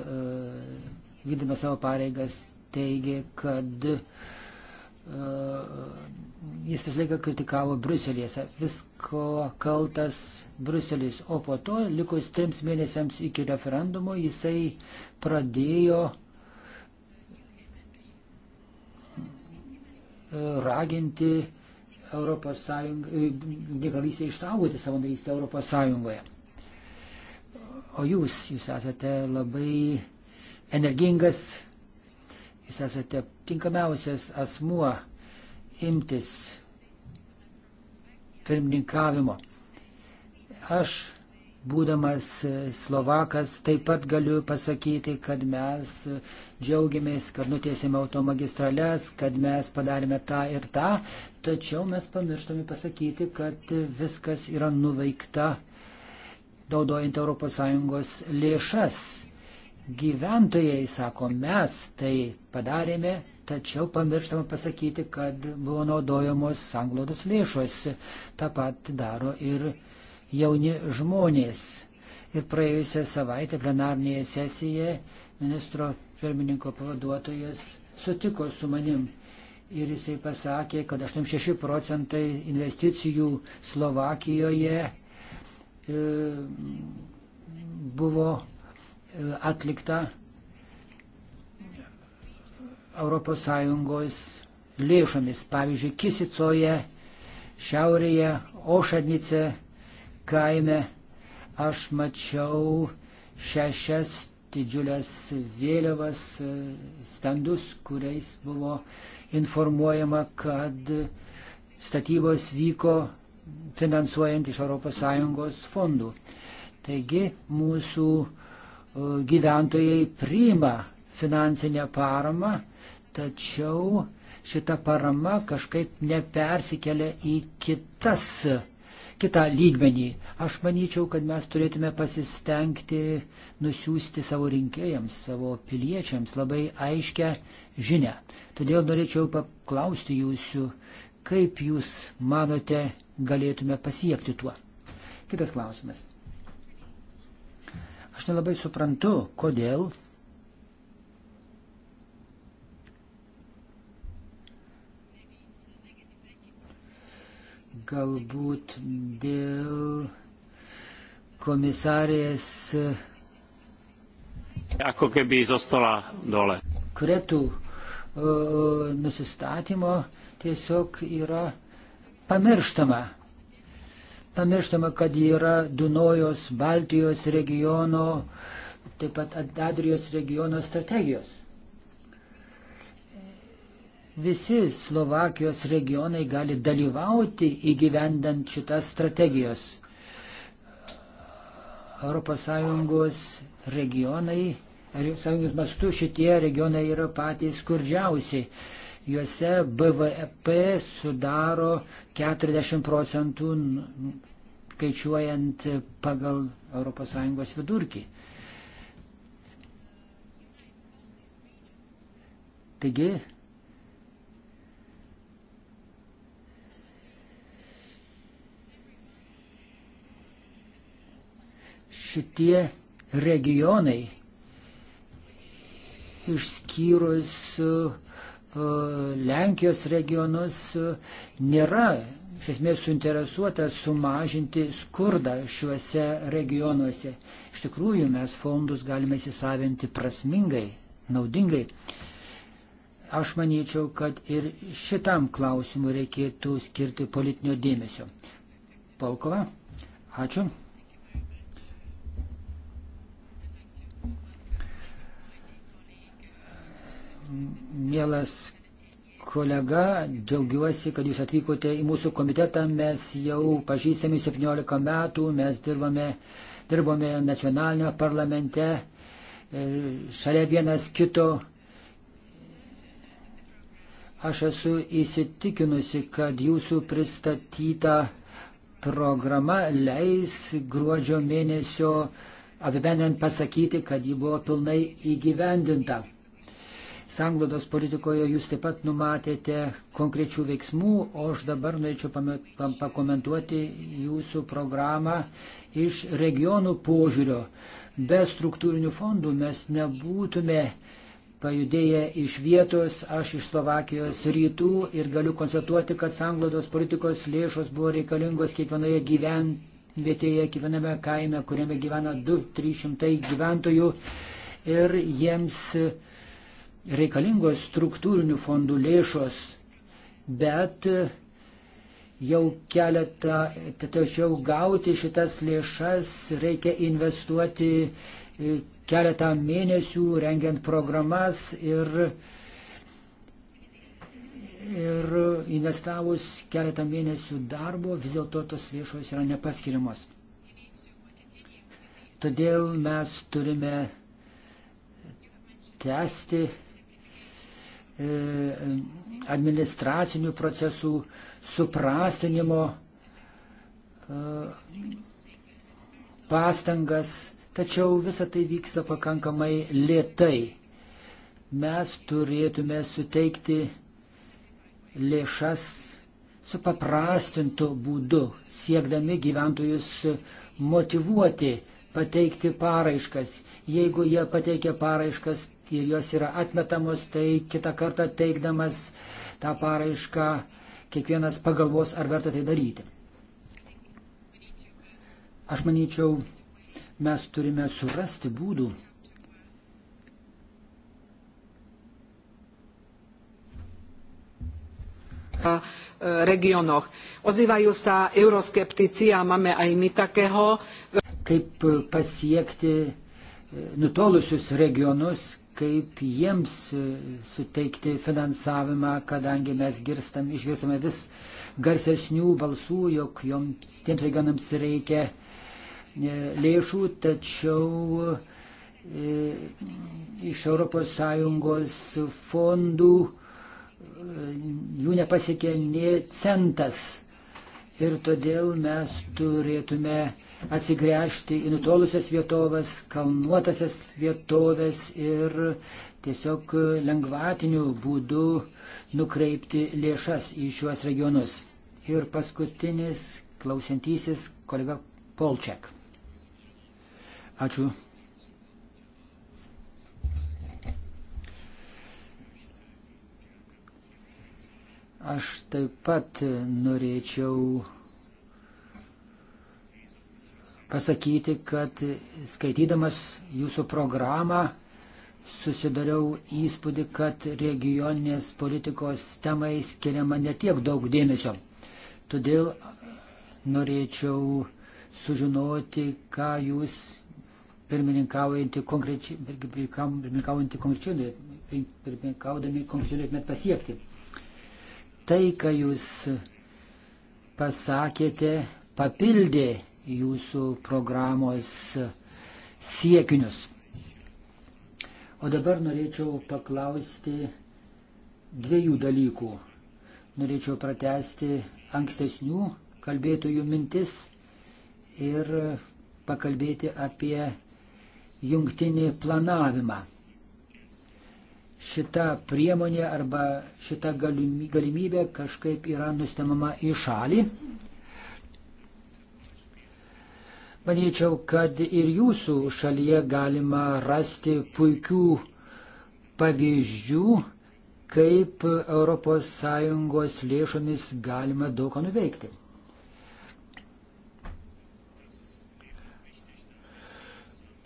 vykdamas savo pareigas, teigė, kad e, jis visą laiką kritikavo Bruselės, visko kaltas Bruselis, o po to, likus trims mėnesiams iki referendumo, jisai pradėjo uh, raginti Europos Sąjungą, galysite e, išsaugoti savo narystę Europos Sąjungoje. O jūs, jūs esate labai energingas, jūs esate tinkamiausias asmuo imtis pirmininkavimo. Aš Būdamas Slovakas taip pat galiu pasakyti, kad mes džiaugiamės, kad nutiesėme automagistrales, kad mes padarėme tą ir tą, tačiau mes pamirštame pasakyti, kad viskas yra nuveikta naudojant ES lėšas. Gyventojai sako, mes tai padarėme, tačiau pamirštama pasakyti, kad buvo naudojamos sanglodos lėšos. Ta pat daro ir jauni žmonės. Ir praėjusią savaitę plenarnėje sesijoje ministro pirmininko pavaduotojas sutiko su manim ir jisai pasakė, kad 86 procentai investicijų Slovakijoje e, buvo e, atlikta ES lėšomis. Pavyzdžiui, Kisicoje, Šiaurėje, Ošadnice kaime aš mačiau šešias didžiulės vėliavas, standus, kuriais buvo informuojama, kad statybos vyko finansuojant iš ES fondų. Taigi mūsų gyventojai priima finansinę paramą, tačiau šita parama kažkaip nepersikelia į kitas kitą lygmenį. Aš manyčiau, kad mes turėtume pasistengti nusiųsti savo rinkėjams, savo piliečiams labai aiškę žinę. Todėl norėčiau paklausti jūsų, kaip jūs manote galėtume pasiekti tuo. Kitas klausimas. Aš nelabai suprantu, kodėl galbūt dėl komisarės. Ako keby zostala dole. Kretų nusistatymo tiesiog yra pamirštama. Pamirštama, kad yra Dunojos, Baltijos regiono, taip pat Adadrijos regiono strategijos visi Slovakijos regionai gali dalyvauti įgyvendant šitas strategijos. ES regionai, ES mastu šitie regionai yra patys skurdžiausi. Juose BVP sudaro 40 procentų, skaičiuojant pagal ES vidurkį. Taigi, šitie regionai, išskyrus e, Lenkijos regionus, e, nėra iš esmės suinteresuota sumažinti skurdą šiuose regionuose. Iš tikrųjų, mes fondus galime įsisavinti prasmingai, naudingai. Aš manyčiau, kad ir šitam klausimui reikėtų skirti politinio dėmesio. Polkova, ačiū. mielas kolega, džiaugiuosi, kad jūs atvykote į mūsų komitetą. Mes jau pažįstami 17 metų, mes dirbame, dirbame nacionalinėme parlamente, e, šalia vienas kito. Aš esu įsitikinusi, kad jūsų pristatyta programa leis gruodžio mėnesio apibendrinant pasakyti, kad ji buvo pilnai įgyvendinta. Sanglodos politikoje jūs taip pat numatėte konkrečių veiksmų, o aš dabar norėčiau pakomentuoti jūsų programą iš regionų požiūrio. Be struktūrinių fondų mes nebūtume pajudėję iš vietos, aš iš Slovakijos rytų ir galiu konstatuoti, kad sanglodos politikos lėšos buvo reikalingos kiekvienoje gyvenvietėje, kiekviename kaime, kuriame gyvena 2-300 gyventojų ir jiems reikalingos struktūrinių fondų lėšos, bet jau keletą, tačiau gauti šitas lėšas reikia investuoti e, keletą mėnesių, rengiant programas ir, ir investavus keletą mėnesių darbo, vis dėlto tos lėšos yra nepaskiriamos. Todėl mes turime tęsti E, administracinių procesų suprastinimo e, pastangas, tačiau visa tai vyksta pakankamai lėtai. Mes turėtume suteikti lėšas supaprastintų būdų, siekdami gyventojus motivuoti pateikti paraiškas. Jeigu jie pateikia paraiškas ir jos yra atmetamos, tai kitą kartą teikdamas tą paraišką kiekvienas pagalvos, ar verta tai daryti. Aš manyčiau, mes turime surasti būdų. E, regiónoch. Ozývajú sa euroskeptici a máme aj my takého. Kaip pasiekti e, nutolusius regionus, kaip jiems e, suteikti finansavimą, kadangi mes girstam, išgirsime vis garsesnių balsų, jog joms, tiems regionams reikia e, lėšų, tačiau e, iš ES fondų jų nepasiekė nie centas. Ir todėl mes turėtume atsigręžti į nutolusias vietovės, kalnuotasias vietovės ir tiesiog lengvatiniu būdu nukreipti lėšas į šiuos regionus. Ir paskutinis klausiantysis kolega Polčiak. Ačiū. Aš taip pat norėčiau pasakyti, kad skaitydamas jūsų programą susidariau įspūdį, kad regioninės politikos temai skiriama netiek daug dėmesio. Todėl norėčiau sužinoti, ką jūs pirmininkaujantį konkrečiai, pirmininkaujantį konkrečiai, pirmininkaudami konkrečiai norėtumėt pasiekti. Tai, ką jūs pasakėte, papildė jūsų programos siekinius. O dabar norėčiau paklausti dviejų dalykų. Norėčiau pratesti ankstesnių kalbėtojų mintis ir pakalbėti apie jungtinį planavimą. Šita priemonė arba šita galimybė kažkaip yra nustemama į šalį. Manyčiau, kad ir jūsų šalyje galima rasti puikių pavyzdžių, kaip ES lėšomis galima daug ką nuveikti.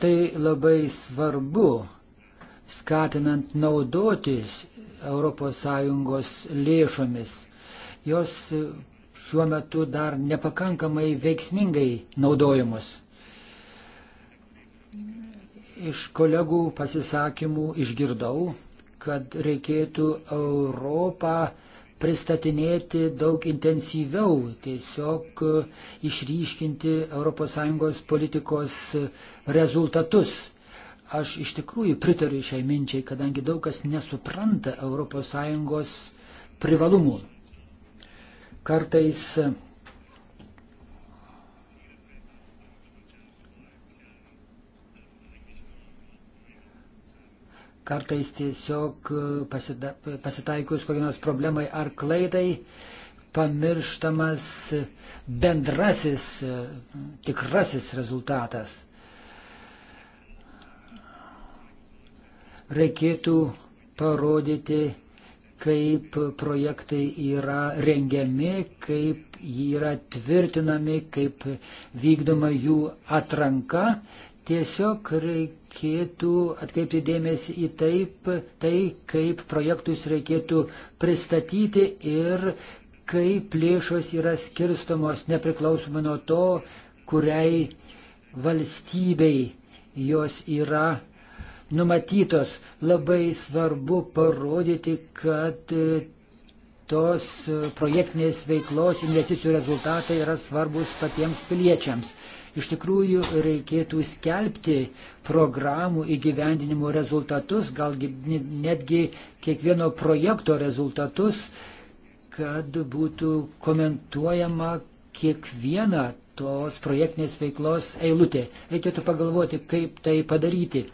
Tai labai svarbu, skatinant naudotis ES lėšomis. Jos šiuo metu dar nepakankamai veiksmingai naudojamos. Iš kolegų pasisakymų išgirdau, kad reikėtų Europą pristatinėti daug intensyviau, tiesiog išryškinti ES politikos rezultatus. Aš iš tikrųjų pritariu šiai minčiai, kadangi daug kas nesupranta ES privalumų kartais kartais tiesiog pasida, pasitaikus kokiai nors problemai ar klaidai pamirštamas bendrasis tikrasis rezultatas. Reikėtų parodyti kaip projektai yra rengiami, kaip jie yra tvirtinami, kaip vykdoma jų atranka. Tiesiog reikėtų atkreipti dėmesį į taip, tai, kaip projektus reikėtų pristatyti ir kaip lėšos yra skirstomos nepriklausomai nuo to, kuriai valstybei jos yra numatytos. Labai svarbu parodyti, kad e, tos e, projektinės veiklos investicijų rezultatai yra svarbus patiems piliečiams. Iš tikrųjų reikėtų skelbti programų įgyvendinimo rezultatus, galgi netgi kiekvieno projekto rezultatus, kad būtų komentuojama kiekviena tos projektinės veiklos eilutė. Reikėtų pagalvoti, kaip tai padaryti.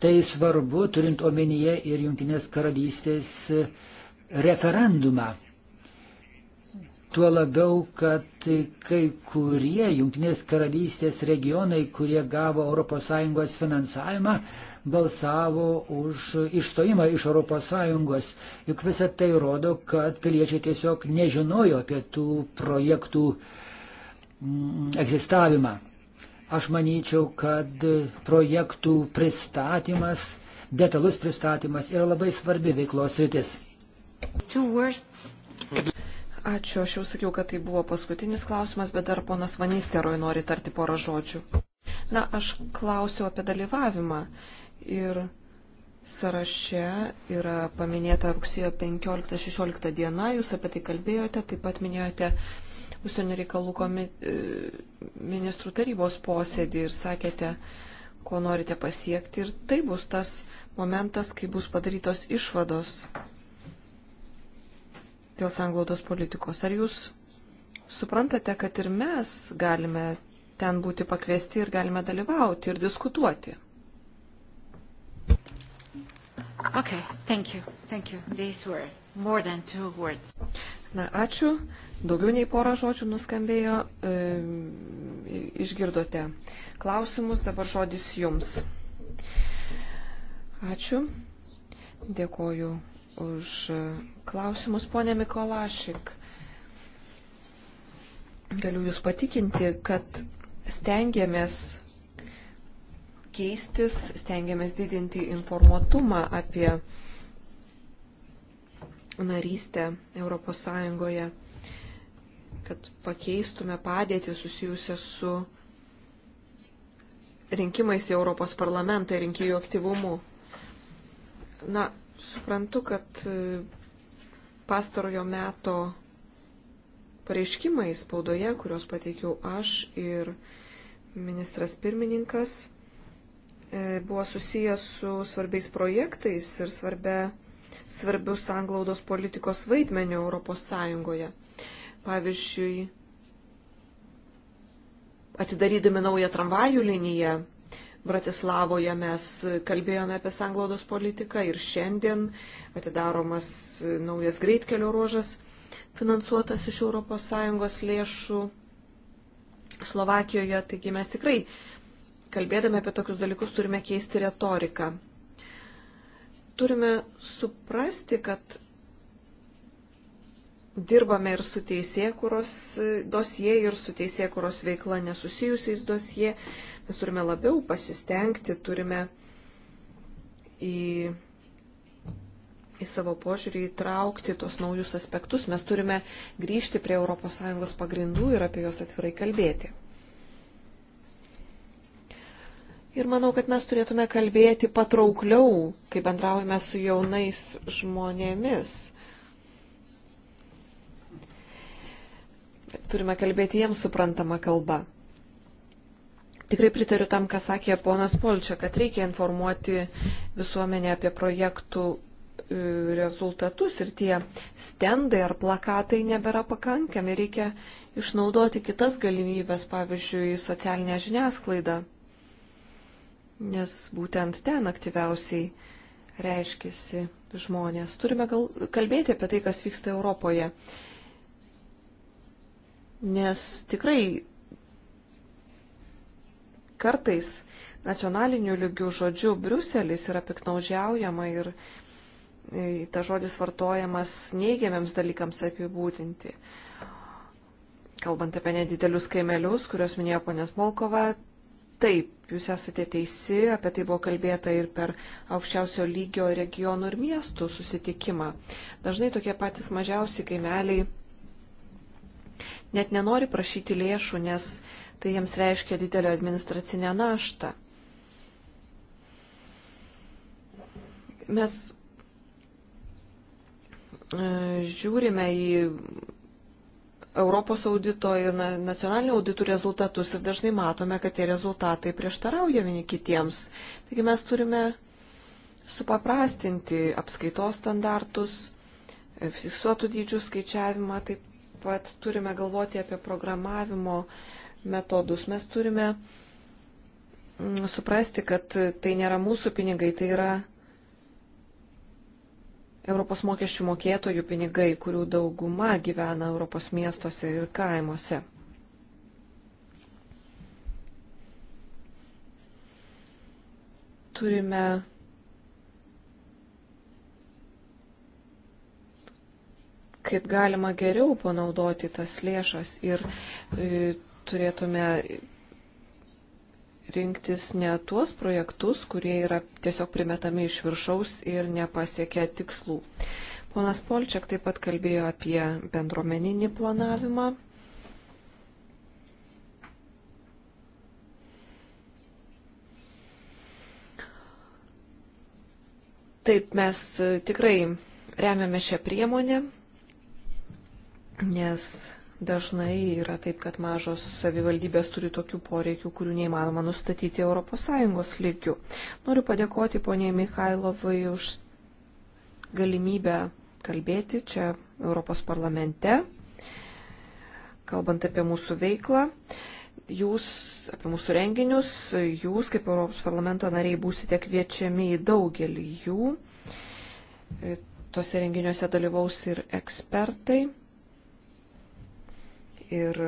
Tai svarbu, turint omenyje ir Junktinės karalystės e, referendumą. Tuo labiau, kad kai kurie Junktinės karalystės regionai, kurie gavo ES finansavimą, balsavo už išstojimą iš ES. Juk visa tai rodo, kad piliečiai tiesiog nežinojo apie tų projektų mm, egzistavimą. Aš manyčiau, kad projektų pristatymas, detalus pristatymas yra labai svarbi veiklos rytis. Ačiū, aš jau sakiau, kad tai buvo paskutinis klausimas, bet dar ponas Vanisteroj nori tarti porą žodžių. Na, aš klausiau apie dalyvavimą ir sąraše yra paminėta rugsėjo 15-16 diena, jūs apie tai kalbėjote, taip pat minėjote užsienio reikalų e, ministrų tarybos posėdį ir sakėte, ko norite pasiekti. Ir tai bus tas momentas, kai bus padarytos išvados dėl sanglaudos politikos. Ar jūs suprantate, kad ir mes galime ten būti pakviesti ir galime dalyvauti ir diskutuoti? Okay, thank you, thank you. These were more than two words. Na, ačiū. Daugiau nei porą žodžių nuskambėjo, e, išgirdote klausimus, dabar žodis jums. Ačiū. Dėkoju už klausimus, ponė Mikolašik. Galiu Jūs patikinti, kad stengiamės keistis, stengiamės didinti informuotumą apie narystę Europos Sąjungoje kad pakeistume padėtį susijusią su rinkimais į Europos parlamentą ir rinkėjų aktyvumu. Na, suprantu, kad e, pastarojo meto pareiškimai spaudoje, kuriuos pateikiau aš ir ministras pirmininkas, e, buvo susijęs su svarbiais projektais ir svarbia, svarbius anglaudos politikos vaidmeniu Europos Sąjungoje. Pavyzdžiui, atidarydami naują tramvajų liniją Bratislavoje mes kalbėjome apie sanglaudos politiką ir šiandien atidaromas naujas greitkelio ruožas finansuotas iš ES lėšų Slovakijoje. Taigi mes tikrai, kalbėdami apie tokius dalykus, turime keisti retoriką. Turime suprasti, kad dirbame ir su teisėkuros e, dosie, ir su teisėkuros veikla nesusijusiais dosie. Mes turime labiau pasistengti, turime į, į savo požiūrį įtraukti tos naujus aspektus. Mes turime grįžti prie ES pagrindų ir apie juos atvirai kalbėti. Ir manau, kad mes turėtume kalbėti patraukliau, kai bendraujame su jaunais žmonėmis turime kalbėti jiems suprantamą kalbą. Tikrai pritariu tam, ką sakė ponas Polčia, kad reikia informuoti visuomenę apie projektų e, rezultatus ir tie stendai ar plakatai nebėra pakankami, reikia išnaudoti kitas galimybės, pavyzdžiui, socialinę žiniasklaidą, nes būtent ten aktyviausiai reiškisi žmonės. Turime gal, kalbėti apie tai, kas vyksta Europoje. Nes tikrai kartais nacionaliniu lygiu žodžiu Briuselis yra piknaudžiaujama ir e, ta žodis vartojamas neigiamiams dalykams apibūdinti. Kalbant apie nedidelius kaimelius, kuriuos minėjo ponės Molkova, taip, jūs esate teisi, apie tai buvo kalbėta ir per aukščiausio lygio regionų ir miestų susitikimą. Dažnai tokie patys mažiausi kaimeliai net nenori prašyti lėšų, nes tai jiems reiškia didelę administracinę naštą. Mes e, žiūrime į Europos audito ir nacionalinio auditų rezultatus ir dažnai matome, kad tie rezultatai prieštarauja vieni kitiems. Taigi mes turime supaprastinti apskaitos standartus, e, fiksuotų dydžių skaičiavimą, taip pat turime galvoti apie programavimo metodus. Mes turime mm, suprasti, kad tai nėra mūsų pinigai, tai yra Europos mokesčių mokėtojų pinigai, kurių dauguma gyvena Europos miestuose ir kaimuose. Turime kaip galima geriau panaudoti tas lėšas ir e, turėtume rinktis ne tuos projektus, kurie yra tiesiog primetami iš viršaus ir nepasiekia tikslų. Ponas Polčiak taip pat kalbėjo apie bendruomeninį planavimą. Taip, mes e, tikrai remiame šią priemonę, nes dažnai yra taip, kad mažos savivaldybės turi tokių poreikių, kurių neįmanoma nustatyti ES lygių. Noriu padėkoti poniai Mikhailovai už galimybę kalbėti čia Europos parlamente, kalbant apie mūsų veiklą. Jūs, apie mūsų renginius, jūs kaip Europos parlamento nariai būsite kviečiami į daugelį jų. Tuose renginiuose dalyvaus ir ekspertai, Ir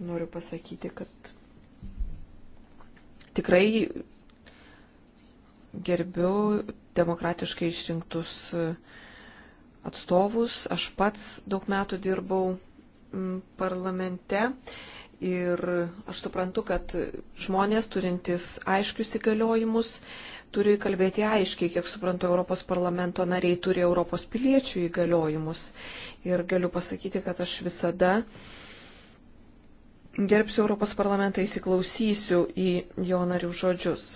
noriu pasakyti, kad tikrai gerbiu demokratiškai išrinktus atstovus. Aš pats daug metų dirbau parlamente ir aš suprantu, kad žmonės turintys aiškius įgaliojimus turi kalbėti aiškiai, kiek suprantu, Europos parlamento nariai turi Europos piliečių įgaliojimus. Ir galiu pasakyti, kad aš visada uh, gerbsiu Europos parlamentą, įsiklausysiu į jo narių žodžius.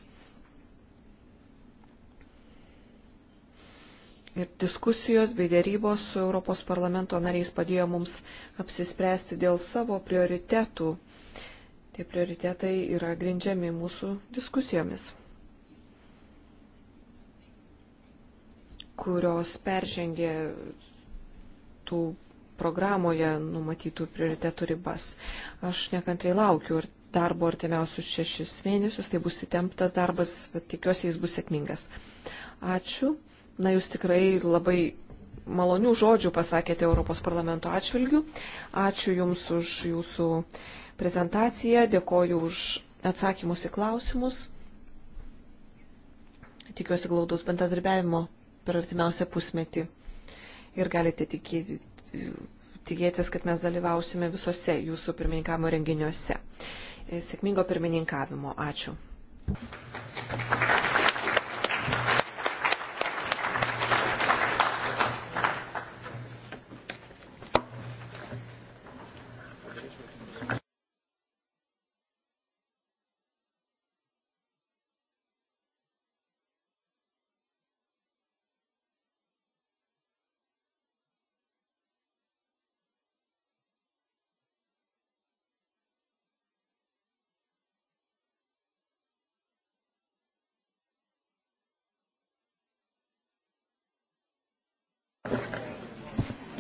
Ir diskusijos bei dėrybos su Europos parlamento nariais padėjo mums apsispręsti dėl savo prioritetų. Tie prioritetai yra grindžiami mūsų diskusijomis, kurios peržengė tų programoje numatytų prioritetų ribas. Aš nekantrai laukiu ir darbo artimiausius šešis mėnesius, tai bus įtemptas darbas, bet tikiuosi jis bus sėkmingas. Ačiū. Na, jūs tikrai labai malonių žodžių pasakėte Europos parlamento atšvilgių. Ačiū Jums už Jūsų prezentaciją, dėkoju už atsakymus į klausimus. Tikiuosi glaudaus bendradarbiavimo per artimiausią pusmetį ir galite tikėti, tikėtis, kad mes dalyvausime visose jūsų pirmininkavimo renginiuose. Sėkmingo pirmininkavimo. Ačiū. Thank you.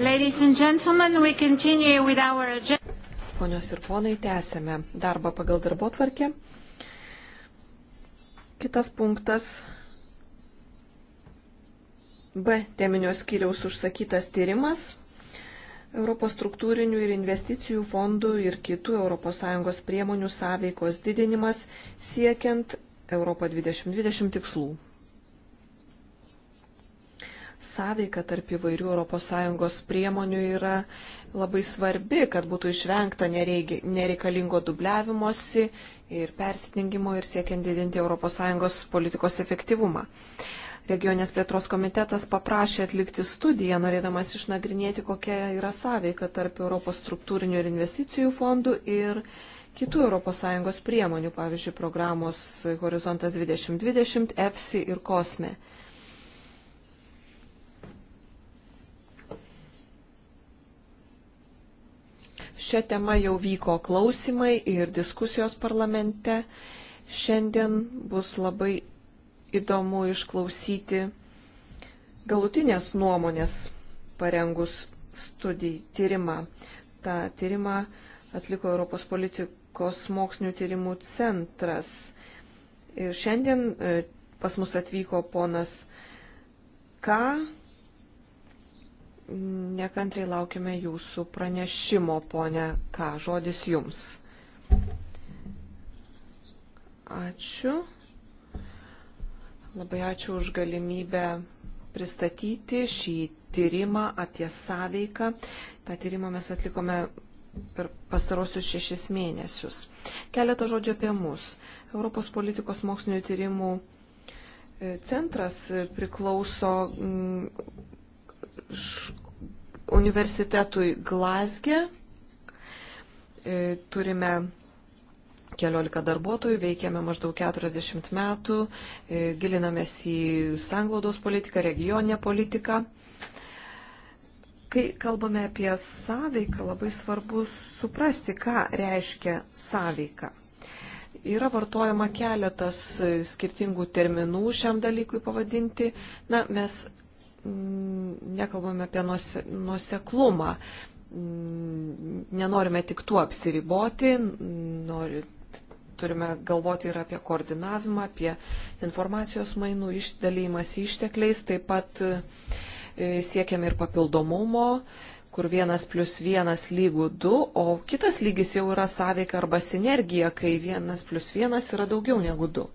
Ladies and gentlemen, we continue with our agenda. Ponios ir ponai, tęsėme darbą pagal darbo tvarkę. Kitas punktas B teminio skyriaus užsakytas tyrimas Europos struktūrinių ir investicijų fondų ir kitų ES priemonių sąveikos didinimas siekiant Europo 2020 tikslų sąveika tarp įvairių ES priemonių yra labai svarbi, kad būtų išvengta nereikalingo dubliavimosi ir persitingimo ir siekiant didinti ES politikos efektyvumą. Regionės plėtros komitetas paprašė atlikti studiją, norėdamas išnagrinėti, kokia yra sąveika tarp Europos struktūrinių ir investicijų fondų ir kitų ES priemonių, pavyzdžiui, programos Horizontas 2020, EFSI ir COSME. Šią temą jau vyko klausimai ir diskusijos parlamente. Šiandien bus labai įdomu išklausyti galutinės nuomonės parengus studijų tyrimą. Ta tyrimą atliko Europos politikos mokslinių tyrimų centras. Ir šiandien e, pas mus atvyko ponas K. Nekantrai laukime jūsų pranešimo, ponė Ką. Žodis jums. Ačiū. Labai ačiū už galimybę pristatyti šį tyrimą apie sąveiką. Tą tyrimą mes atlikome per pastarosius šešis mėnesius. Keletą žodžių apie mus. Europos politikos mokslinio tyrimų e, centras e, priklauso universitetui Glasge. E, turime keliolika darbuotojų, veikiame maždaug 40 metų, e, gilinamės į sanglaudos politiką, regioninę politiką. Kai kalbame apie sąveiką, labai svarbu suprasti, ką reiškia sąveika. Yra vartojama keletas skirtingų terminų šiam dalykui pavadinti. Na, mes nekalbame apie nuoseklumą. Nenorime tik tuo apsiriboti, nori, turime galvoti ir apie koordinavimą, apie informacijos mainų išdalymas ištekliais, taip pat e, siekiame ir papildomumo, kur vienas plus vienas lygų du, o kitas lygis jau yra sąveika arba sinergija, kai vienas plus vienas yra daugiau negu du.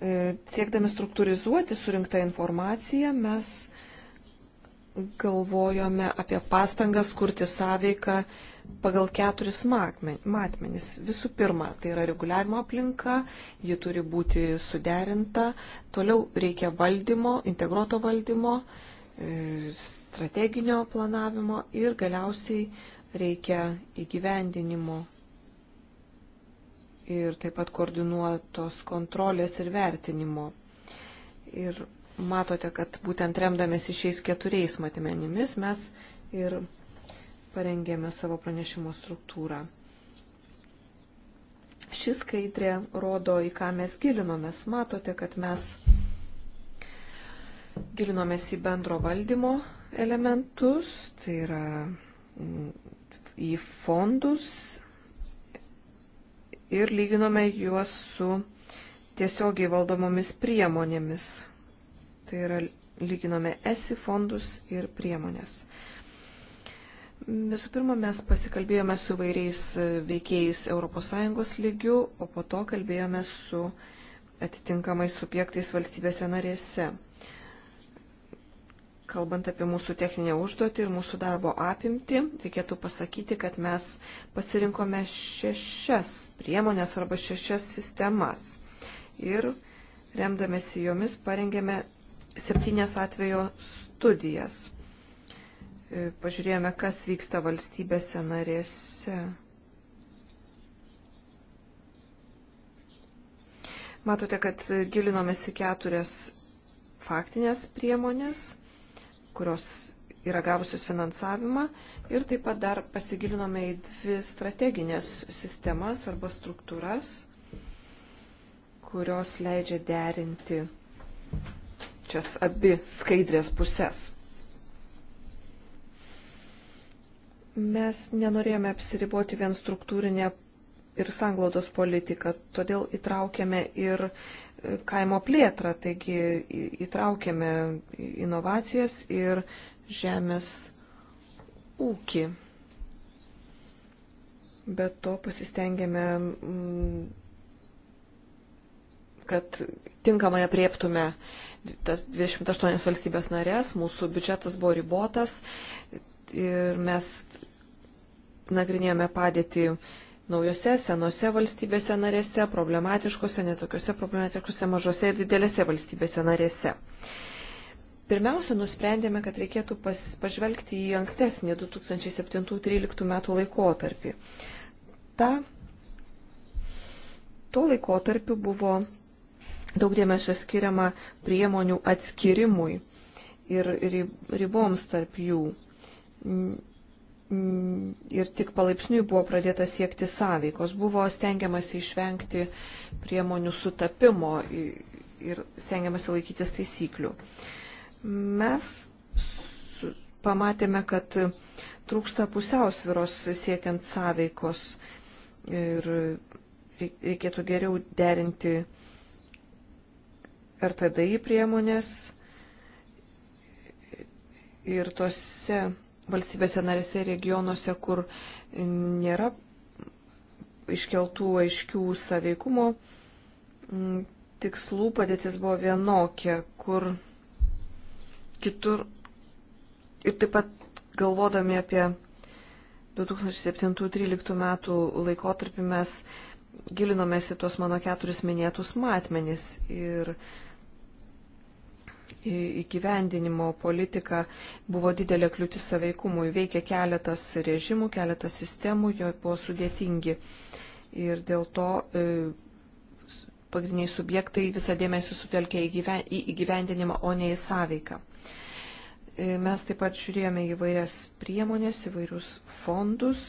E, siekdami struktūrizuoti surinktą informaciją, mes galvojome apie pastangas kurti sąveiką pagal keturis matmenis. Visų pirma, tai yra reguliavimo aplinka, ji turi būti suderinta, toliau reikia valdymo, integruoto valdymo, e, strateginio planavimo ir galiausiai reikia įgyvendinimo ir taip pat koordinuotos kontrolės ir vertinimo. Ir matote, kad būtent remdamėsi šiais keturiais matmenimis mes ir parengėme savo pranešimo struktūrą. Ši skaidrė rodo, į ką mes gilinomės. Matote, kad mes gilinomės į bendro valdymo elementus, tai yra į fondus, ir lyginome juos su tiesiogiai valdomomis priemonėmis. Tai yra lyginome esi fondus ir priemonės. Visų pirma, mes pasikalbėjome su vairiais veikėjais ES lygių, o po to kalbėjome su atitinkamais subjektais valstybėse narėse. Kalbant apie mūsų techninę užduotį ir mūsų darbo apimtį, reikėtų pasakyti, kad mes pasirinkome šešias priemonės arba šešias sistemas. Ir remdamėsi jomis parengėme septynės atvejo studijas. E, pažiūrėjome, kas vyksta valstybėse narėse. Matote, kad gilinomės į keturias faktinės priemonės kurios yra gavusios finansavimą ir taip pat dar pasigilinome į dvi strateginės sistemas arba struktūras, kurios leidžia derinti šias abi skaidrės pusės. Mes nenorėjome apsiriboti vien struktūrinę ir sanglaudos politiką, todėl įtraukėme ir kaimo plėtrą, taigi įtraukėme inovacijas ir žemės ūkį. Bet to pasistengėme, mm, kad tinkamai apriektume tas 28 valstybės narės, mūsų biudžetas buvo ribotas ir mes nagrinėjome padėtį naujose, senose valstybėse narėse, problematiškose, netokiose problematiškose, mažose ir didelėse valstybėse narėse. Pirmiausia, nusprendėme, kad reikėtų pas, pažvelgti į ankstesnį 2007-2013 metų laikotarpį. Ta, tuo laikotarpiu buvo daug dėmesio skiriama priemonių atskirimui ir riboms tarp jų Mm, ir tik palaipsniui buvo pradėta siekti sąveikos. Buvo stengiamasi išvengti priemonių sutapimo ir stengiamasi laikytis taisyklių. Mes pamatėme, kad trūksta pusiausviros siekiant sąveikos ir reikėtų geriau derinti RTDI priemonės ir tose valstybėse narėse ir regionuose, kur nėra iškeltų aiškių saveikumo mm, tikslų, padėtis buvo vienokia, kur kitur ir taip pat galvodami apie 2007-2013 metų laikotarpį mes gilinomės į tuos mano keturis minėtus matmenis ir įgyvendinimo politika buvo didelė kliūtis saveikumui. Veikė keletas režimų, keletas sistemų, jo buvo sudėtingi. Ir dėl to e, pagrindiniai subjektai visą dėmesį sutelkė į įgyvendinimą, o ne į sąveiką. E, mes taip pat žiūrėjome įvairias priemonės, įvairius fondus,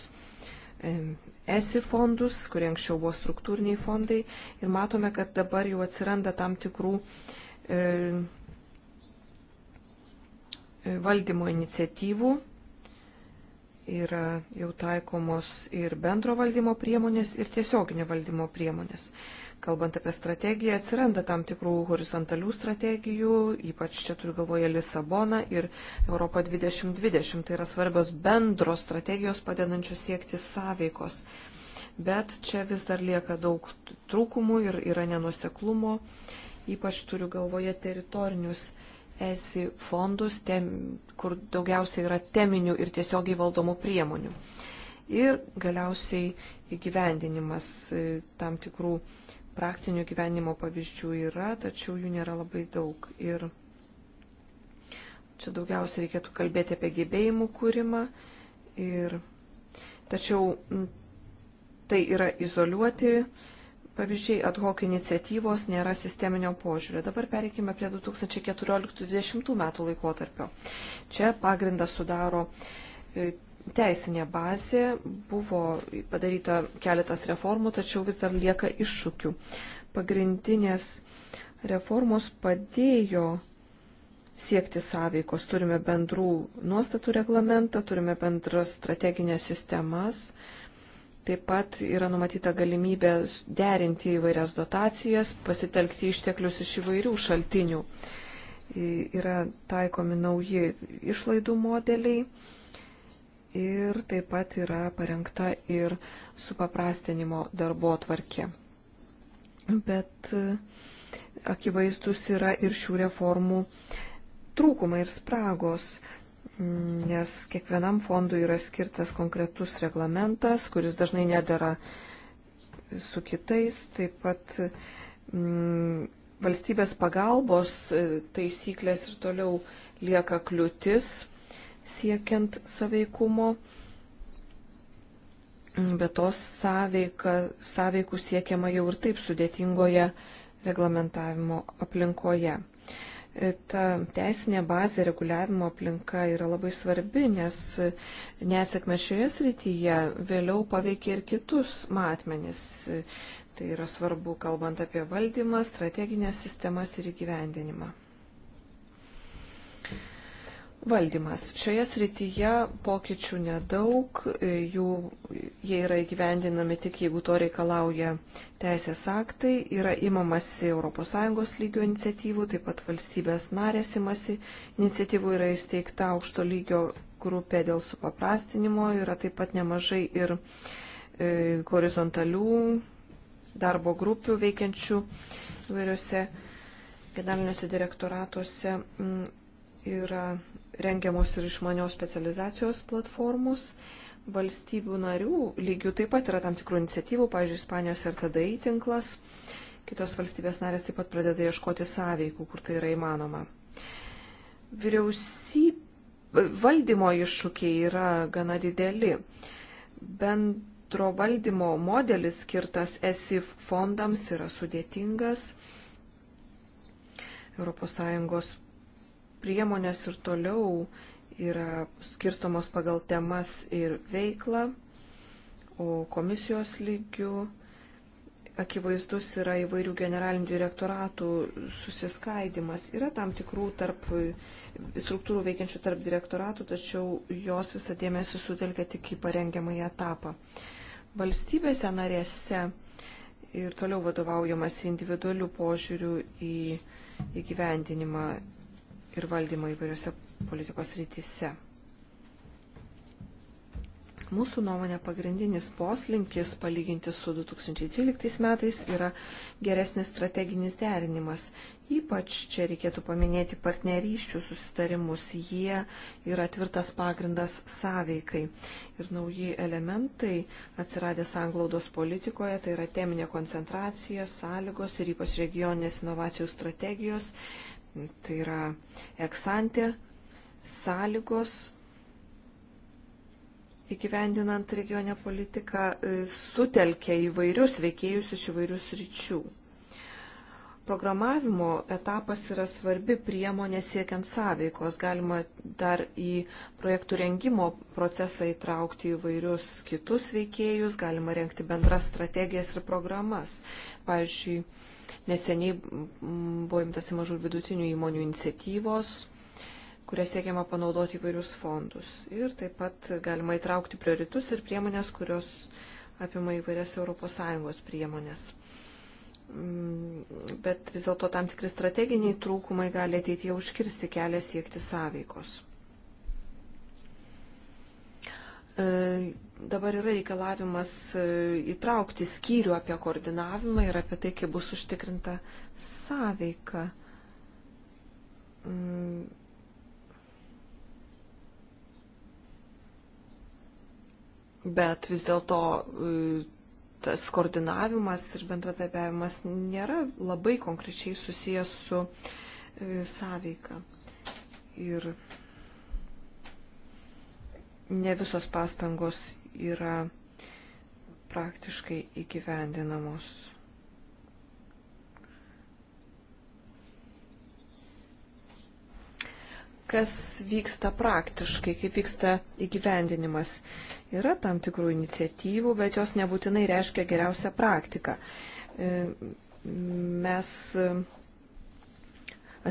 e, esi fondus, kurie anksčiau buvo struktūriniai fondai ir matome, kad dabar jau atsiranda tam tikrų e, valdymo iniciatyvų yra jau taikomos ir bendro valdymo priemonės, ir tiesioginio valdymo priemonės. Kalbant apie strategiją, atsiranda tam tikrų horizontalių strategijų, ypač čia turiu galvoje Lisaboną ir Europą 2020. Tai yra svarbios bendros strategijos padedančios siekti sąveikos. Bet čia vis dar lieka daug trūkumų ir yra nenuseklumo, ypač turiu galvoje teritorinius ESI fondus, tem, kur daugiausiai yra teminių ir tiesiogiai valdomų priemonių. Ir galiausiai įgyvendinimas e, tam tikrų praktinių gyvenimo pavyzdžių yra, tačiau jų nėra labai daug. Ir čia daugiausiai reikėtų kalbėti apie gebėjimų kūrimą. Ir, tačiau tai yra izoliuoti pavyzdžiai ad hoc iniciatyvos, nėra sisteminio požiūrio. Dabar pereikime prie 2014-2020 metų laikotarpio. Čia pagrindą sudaro e, teisinė bazė, buvo padaryta keletas reformų, tačiau vis dar lieka iššūkių. Pagrindinės reformos padėjo siekti sąveikos. Turime bendrų nuostatų reglamentą, turime bendras strateginės sistemas. Uh, Taip pat yra numatyta galimybė derinti įvairias dotacijas, pasitelkti išteklius iš įvairių šaltinių. Yra taikomi nauji išlaidų modeliai ir taip pat yra parengta ir supaprastinimo darbo tvarkė. Bet e, akivaizdus yra ir šių reformų trūkumai ir spragos. Mm, nes kiekvienam fondui yra skirtas konkretus reglamentas, kuris dažnai nedara su kitais. Taip pat mm, valstybės pagalbos e, taisyklės ir toliau lieka kliūtis siekiant saveikumo. Mm, Bet tos sąveika, sąveikų siekiama jau ir taip sudėtingoje reglamentavimo aplinkoje ta teisinė bazė reguliavimo aplinka yra labai svarbi, nes nesėkmė šioje srityje vėliau paveikia ir kitus matmenis. Tai yra svarbu, kalbant apie valdymą, strateginės sistemas ir įgyvendinimą. Valdymas. Šioje srityje pokyčių nedaug, jų, jie yra įgyvendinami tik jeigu to reikalauja teisės aktai, yra imamasi ES lygio iniciatyvų, taip pat valstybės narės imasi iniciatyvų, yra įsteigta aukšto lygio grupė dėl supaprastinimo, yra taip pat nemažai ir e, horizontalių darbo grupių veikiančių įvairiose generaliniuose direktoratuose. M, yra rengiamos ir išmanios specializacijos platformos. Valstybių narių lygių taip pat yra tam tikrų iniciatyvų, pavyzdžiui, Ispanijos ir tada įtinklas. Kitos valstybės narės taip pat pradeda ieškoti sąveikų, kur tai yra įmanoma. Vyriausybė valdymo iššūkiai yra gana dideli. Bendro valdymo modelis skirtas ESIF fondams yra sudėtingas. ES priemonės ir toliau yra skirstomos pagal temas ir veiklą, o komisijos lygių akivaizdus yra įvairių generalinių direktoratų susiskaidimas. Yra tam tikrų tarp struktūrų veikiančių tarp direktoratų, tačiau jos visą dėmesį sutelkia tik į parengiamąjį etapą. Valstybėse narėse ir toliau vadovaujamas individualių požiūrių į įgyvendinimą ir valdymo įvairiose politikos rytise. Mūsų nuomonė pagrindinis poslinkis palyginti su 2013 metais yra geresnis strateginis derinimas. Ypač čia reikėtų paminėti partnerysčių susitarimus. Jie yra tvirtas pagrindas sąveikai. Ir nauji elementai atsiradę sanglaudos politikoje, tai yra teminė koncentracija, sąlygos ir ypač regioninės inovacijų strategijos tai yra eksantė sąlygos įgyvendinant regionę politiką e, sutelkia įvairius veikėjus iš įvairių sričių. Programavimo etapas yra svarbi priemonė siekiant sąveikos. Galima dar į projektų rengimo procesą įtraukti įvairius kitus veikėjus, galima renkti bendras strategijas ir programas. Pavyzdžiui, Neseniai buvo imtasi mažų ir vidutinių įmonių iniciatyvos, kuria siekiama panaudoti įvairius fondus. Ir taip pat galima įtraukti prioritus ir priemonės, kurios apima įvairias ES priemonės. Mm, bet vis dėlto tam tikri strateginiai trūkumai gali ateityje užkirsti kelią siekti sąveikos e, dabar yra reikalavimas e, įtraukti skyrių apie koordinavimą ir apie tai, kaip bus užtikrinta sąveika. Mm. Bet vis dėlto e, tas koordinavimas ir bendradarbiavimas nėra labai konkrečiai susijęs su e, sąveika. Ir ne visos pastangos yra praktiškai įgyvendinamos. Kas vyksta praktiškai, kaip vyksta įgyvendinimas. Yra tam tikrų iniciatyvų, bet jos nebūtinai reiškia geriausią praktiką. E, mes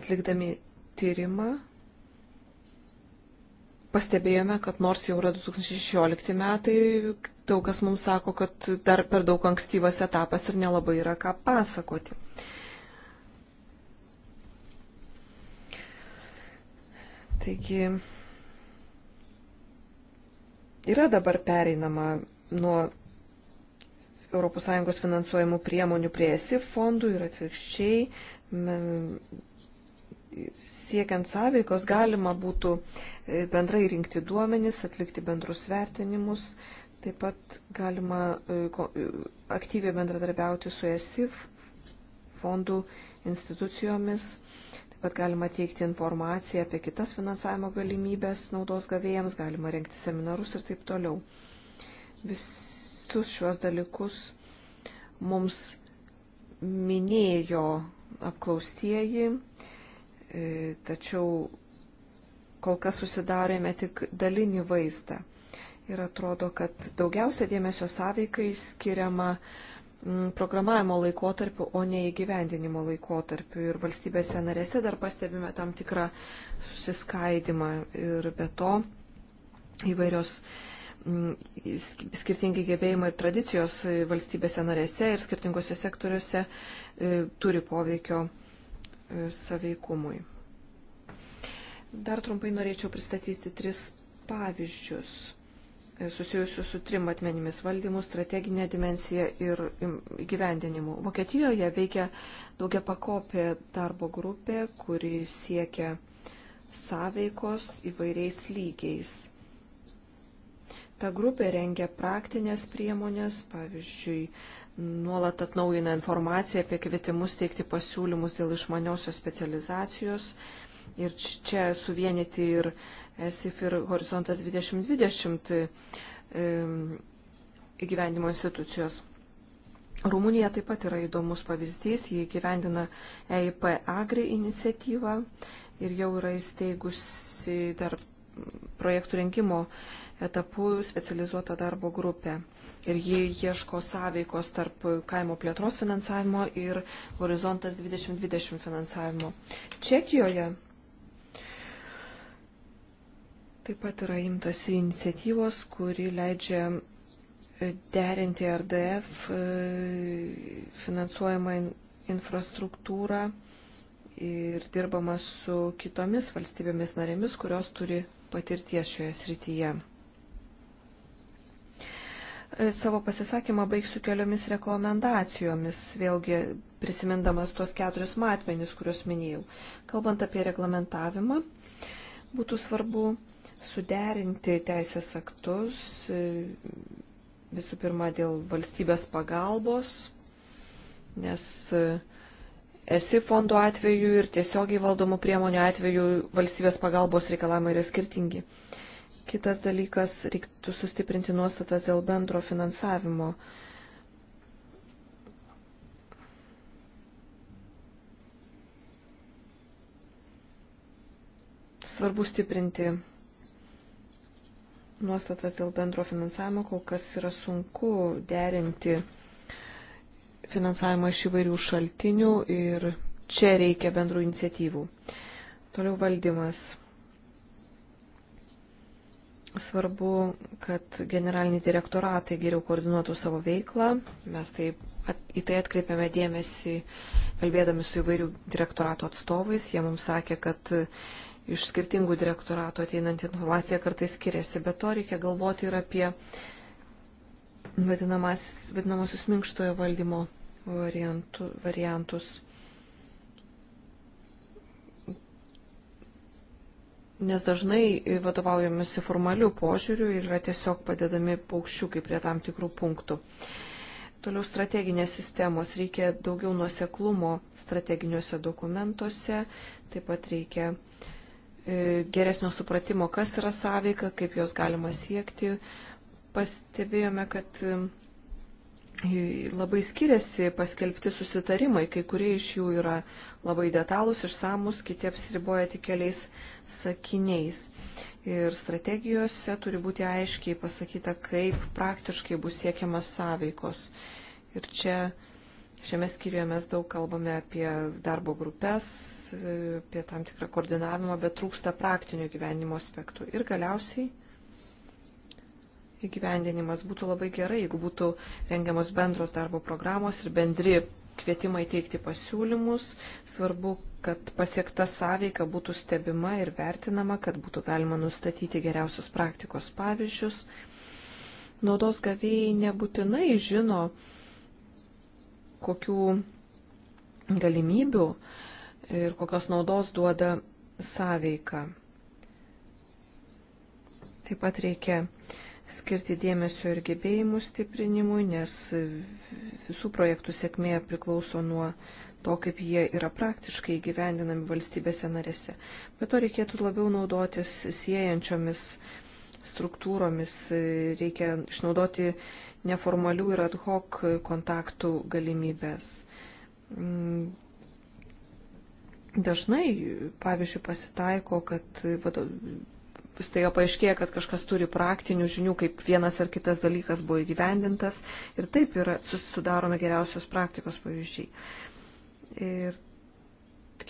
atlikdami tyrimą pastebėjome, kad nors jau yra 2016 metai, daug kas mums sako, kad dar per daug ankstyvas etapas ir nelabai yra ką pasakoti. Taigi yra dabar pereinama nuo ES finansuojamų priemonių prie ESI fondų ir atvirkščiai siekiant sąveikos galima būtų e, bendrai rinkti duomenis, atlikti bendrus vertinimus, taip pat galima e, e, aktyviai bendradarbiauti su ESIF fondų institucijomis, taip pat galima teikti informaciją apie kitas finansavimo galimybės naudos gavėjams, galima rengti seminarus ir taip toliau. Visus šiuos dalykus mums minėjo apklaustieji, E, tačiau kol kas susidarėme tik dalinį vaizdą. Ir atrodo, kad daugiausia dėmesio sąveikai skiriama mm, programavimo laikotarpiu, o ne įgyvendinimo laikotarpiu. Ir valstybėse narėse dar pastebime tam tikrą susiskaidimą. Ir be to įvairios mm, skirtingi gebėjimai ir tradicijos valstybėse narėse ir skirtingose sektoriuose e, turi poveikio E, saveikumui. Dar trumpai norėčiau pristatyti tris pavyzdžius e, susijusių su trim atmenimis - valdymu, strateginė dimensija ir gyvendinimu. Vokietijoje veikia daugia pakopė darbo grupė, kuri siekia sąveikos įvairiais lygiais. Ta grupė rengia praktinės priemonės, pavyzdžiui, nuolat atnaujina informaciją apie kvietimus teikti pasiūlymus dėl išmaniosios specializacijos. Ir čia suvienyti ir ESIF ir Horizontas 2020 įgyvendimo institucijos. Rumunija taip pat yra įdomus pavyzdys, jie gyvendina EIP Agri iniciatyvą ir jau yra įsteigusi dar projektų rengimo etapu specializuota darbo grupė. Ir ji ieško sąveikos tarp kaimo plėtros finansavimo ir horizontas 2020 finansavimo. Čekijoje taip pat yra imtasi iniciatyvos, kuri leidžia e, derinti RDF e, finansuojamą infrastruktūrą ir dirbama su kitomis valstybėmis narėmis, kurios turi patirties šioje srityje savo pasisakymą baigsiu keliomis rekomendacijomis, vėlgi prisimindamas tuos keturis matmenis, kuriuos minėjau. Kalbant apie reglamentavimą, būtų svarbu suderinti teisės aktus visų pirma dėl valstybės pagalbos, nes esi fondų atveju ir tiesiogiai valdomų priemonių atveju valstybės pagalbos reikalavimai yra skirtingi. Uh, Kitas dalykas, reiktų sustiprinti nuostatas dėl bendro finansavimo. Svarbu stiprinti nuostatas dėl bendro finansavimo, kol kas yra sunku derinti finansavimą iš įvairių šaltinių ir čia reikia bendrų iniciatyvų. Toliau valdymas. Svarbu, kad generaliniai direktoratai geriau koordinuotų savo veiklą. Mes tai, at, į tai atkreipiame dėmesį, kalbėdami su įvairių direktorato atstovais. Jie mums sakė, kad iš skirtingų direktorato ateinanti informacija kartais skiriasi. Bet to reikia galvoti ir apie vadinamosius minkštojo valdymo variantų, variantus. Nes dažnai vadovaujamasi formalių požiūrių ir yra tiesiog padedami paukščiukai prie tam tikrų punktų. Toliau strateginės sistemos. Reikia daugiau nuoseklumo strateginiuose dokumentuose, taip pat reikia e, geresnio supratimo, kas yra sąveika, kaip jos galima siekti. Pastebėjome, kad e, labai skiriasi paskelbti susitarimai, kai kurie iš jų yra labai detalūs, išsamus, kiti apsiriboja tik keliais sakiniais. Ir strategijose turi būti aiškiai pasakyta, kaip praktiškai bus siekiamas sąveikos. Ir čia šiame skyriuje mes daug kalbame apie darbo grupės, apie tam tikrą koordinavimą, bet trūksta praktinio gyvenimo aspektų. Ir galiausiai įgyvendinimas. Būtų labai gerai, jeigu būtų rengiamos bendros darbo programos ir bendri kvietimai teikti pasiūlymus. Svarbu, kad pasiekta sąveika būtų stebima ir vertinama, kad būtų galima nustatyti geriausios praktikos pavyzdžius. Naudos gavėjai nebūtinai žino, kokių galimybių ir kokios naudos duoda sąveika. Taip pat reikia uh, skirti dėmesio ir gebėjimų stiprinimui, nes visų projektų sėkmė priklauso nuo to, kaip jie yra praktiškai gyvendinami valstybėse narėse. Bet to reikėtų labiau naudotis siejančiomis struktūromis, reikia išnaudoti neformalių ir ad hoc kontaktų galimybės. Mm. Dažnai, pavyzdžiui, pasitaiko, kad staiga paaiškėja, kad kažkas turi praktinių žinių, kaip vienas ar kitas dalykas buvo įgyvendintas ir taip yra susidarome geriausios praktikos pavyzdžiai. Ir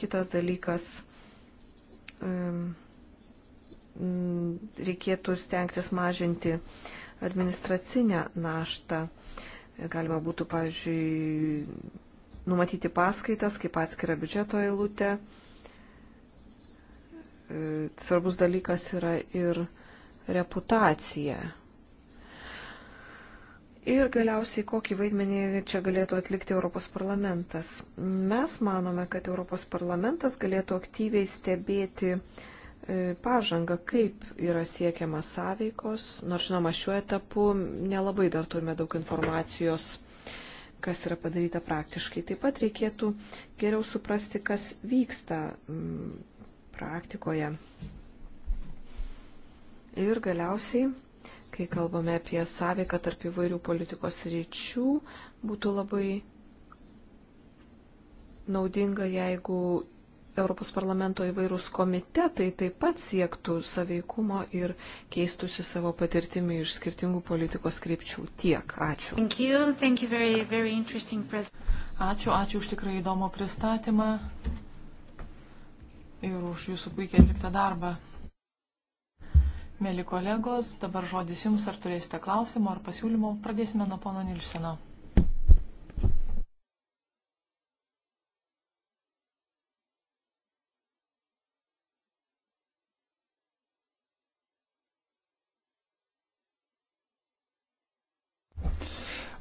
kitas dalykas, reikėtų stengtis mažinti administracinę naštą. Galima būtų, pavyzdžiui, numatyti paskaitas kaip atskirą biudžeto eilutę svarbus dalykas yra ir reputacija. Ir galiausiai kokį vaidmenį čia galėtų atlikti Europos parlamentas. Mes manome, kad Europos parlamentas galėtų aktyviai stebėti e, pažangą, kaip yra siekiama sąveikos, nors žinoma, šiuo etapu nelabai dar turime daug informacijos kas yra padaryta praktiškai. Taip pat reikėtų geriau suprasti, kas vyksta praktikoje. Ir galiausiai, kai kalbame apie sąveiką tarp įvairių politikos ryčių, būtų labai naudinga, jeigu Europos parlamento įvairūs komitetai taip pat siektų saveikumo ir keistųsi savo patirtimi iš skirtingų politikos krypčių. Tiek. Ačiū. Thank you. Thank you very, very ačiū, ačiū už tikrai įdomų pristatymą ir už jūsų puikiai atliktą darbą. Mėly kolegos, dabar žodis jums, ar turėsite klausimų ar pasiūlymų. Pradėsime nuo pono Nilseno.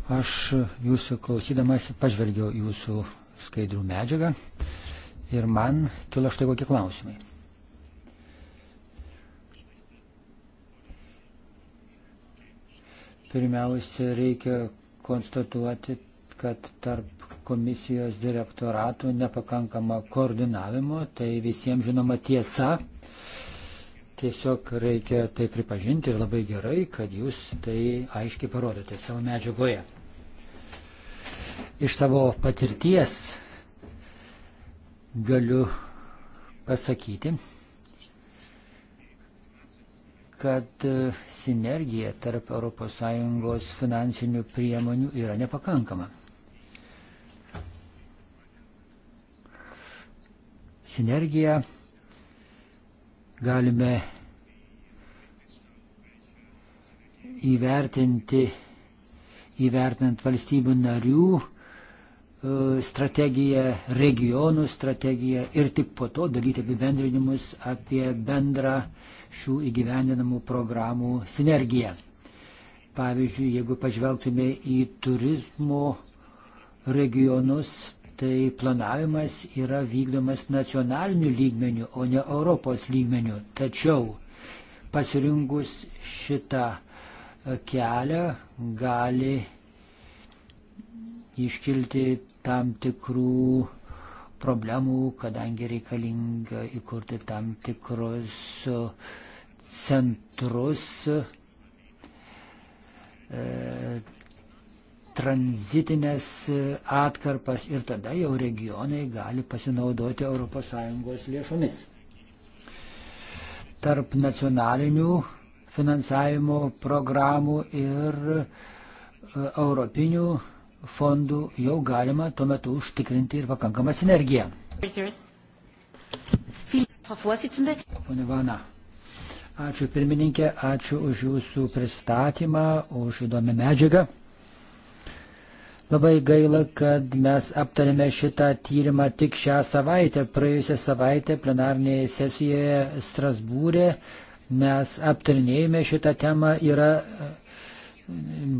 Aš jūsų klausydamas pažvelgiau jūsų skaidrų medžiagą Ir man kilo štai kokie klausimai. Pirmiausia, reikia konstatuoti, kad tarp komisijos direktoratų nepakankama koordinavimo, tai visiems žinoma tiesa. Tiesiog reikia tai pripažinti ir labai gerai, kad jūs tai aiškiai parodote savo medžiagoje. Iš savo patirties galiu pasakyti, kad e, sinergija tarp ES finansinių priemonių yra nepakankama. Sinergiją galime įvertinti, įvertinant valstybių narių E, strategiją, regionų strategiją ir tik po to daryti apibendrinimus apie bendrą šių įgyvendinamų programų sinergiją. Pavyzdžiui, jeigu pažvelgtume į turizmo regionus, tai planavimas yra vykdomas nacionaliniu lygmeniu, o ne Europos lygmeniu. Tačiau pasirinkus šitą kelią gali iškilti tam tikrų problemų, kadangi reikalinga įkurti tam tikrus centrus e, tranzitinės atkarpas ir tada jau regionai gali pasinaudoti ES lėšomis. Tarp nacionalinių finansavimo programų ir e, europinių fondų jau galima tuo metu užtikrinti ir pakankamą sinergiją. Pone Vana, ačiū pirmininkė, ačiū už jūsų pristatymą, už įdomią medžiagą. Labai gaila, kad mes aptarėme šitą tyrimą tik šią savaitę. Praėjusią savaitę plenarnėje sesijoje Strasbūrė mes aptarinėjome šitą temą. Yra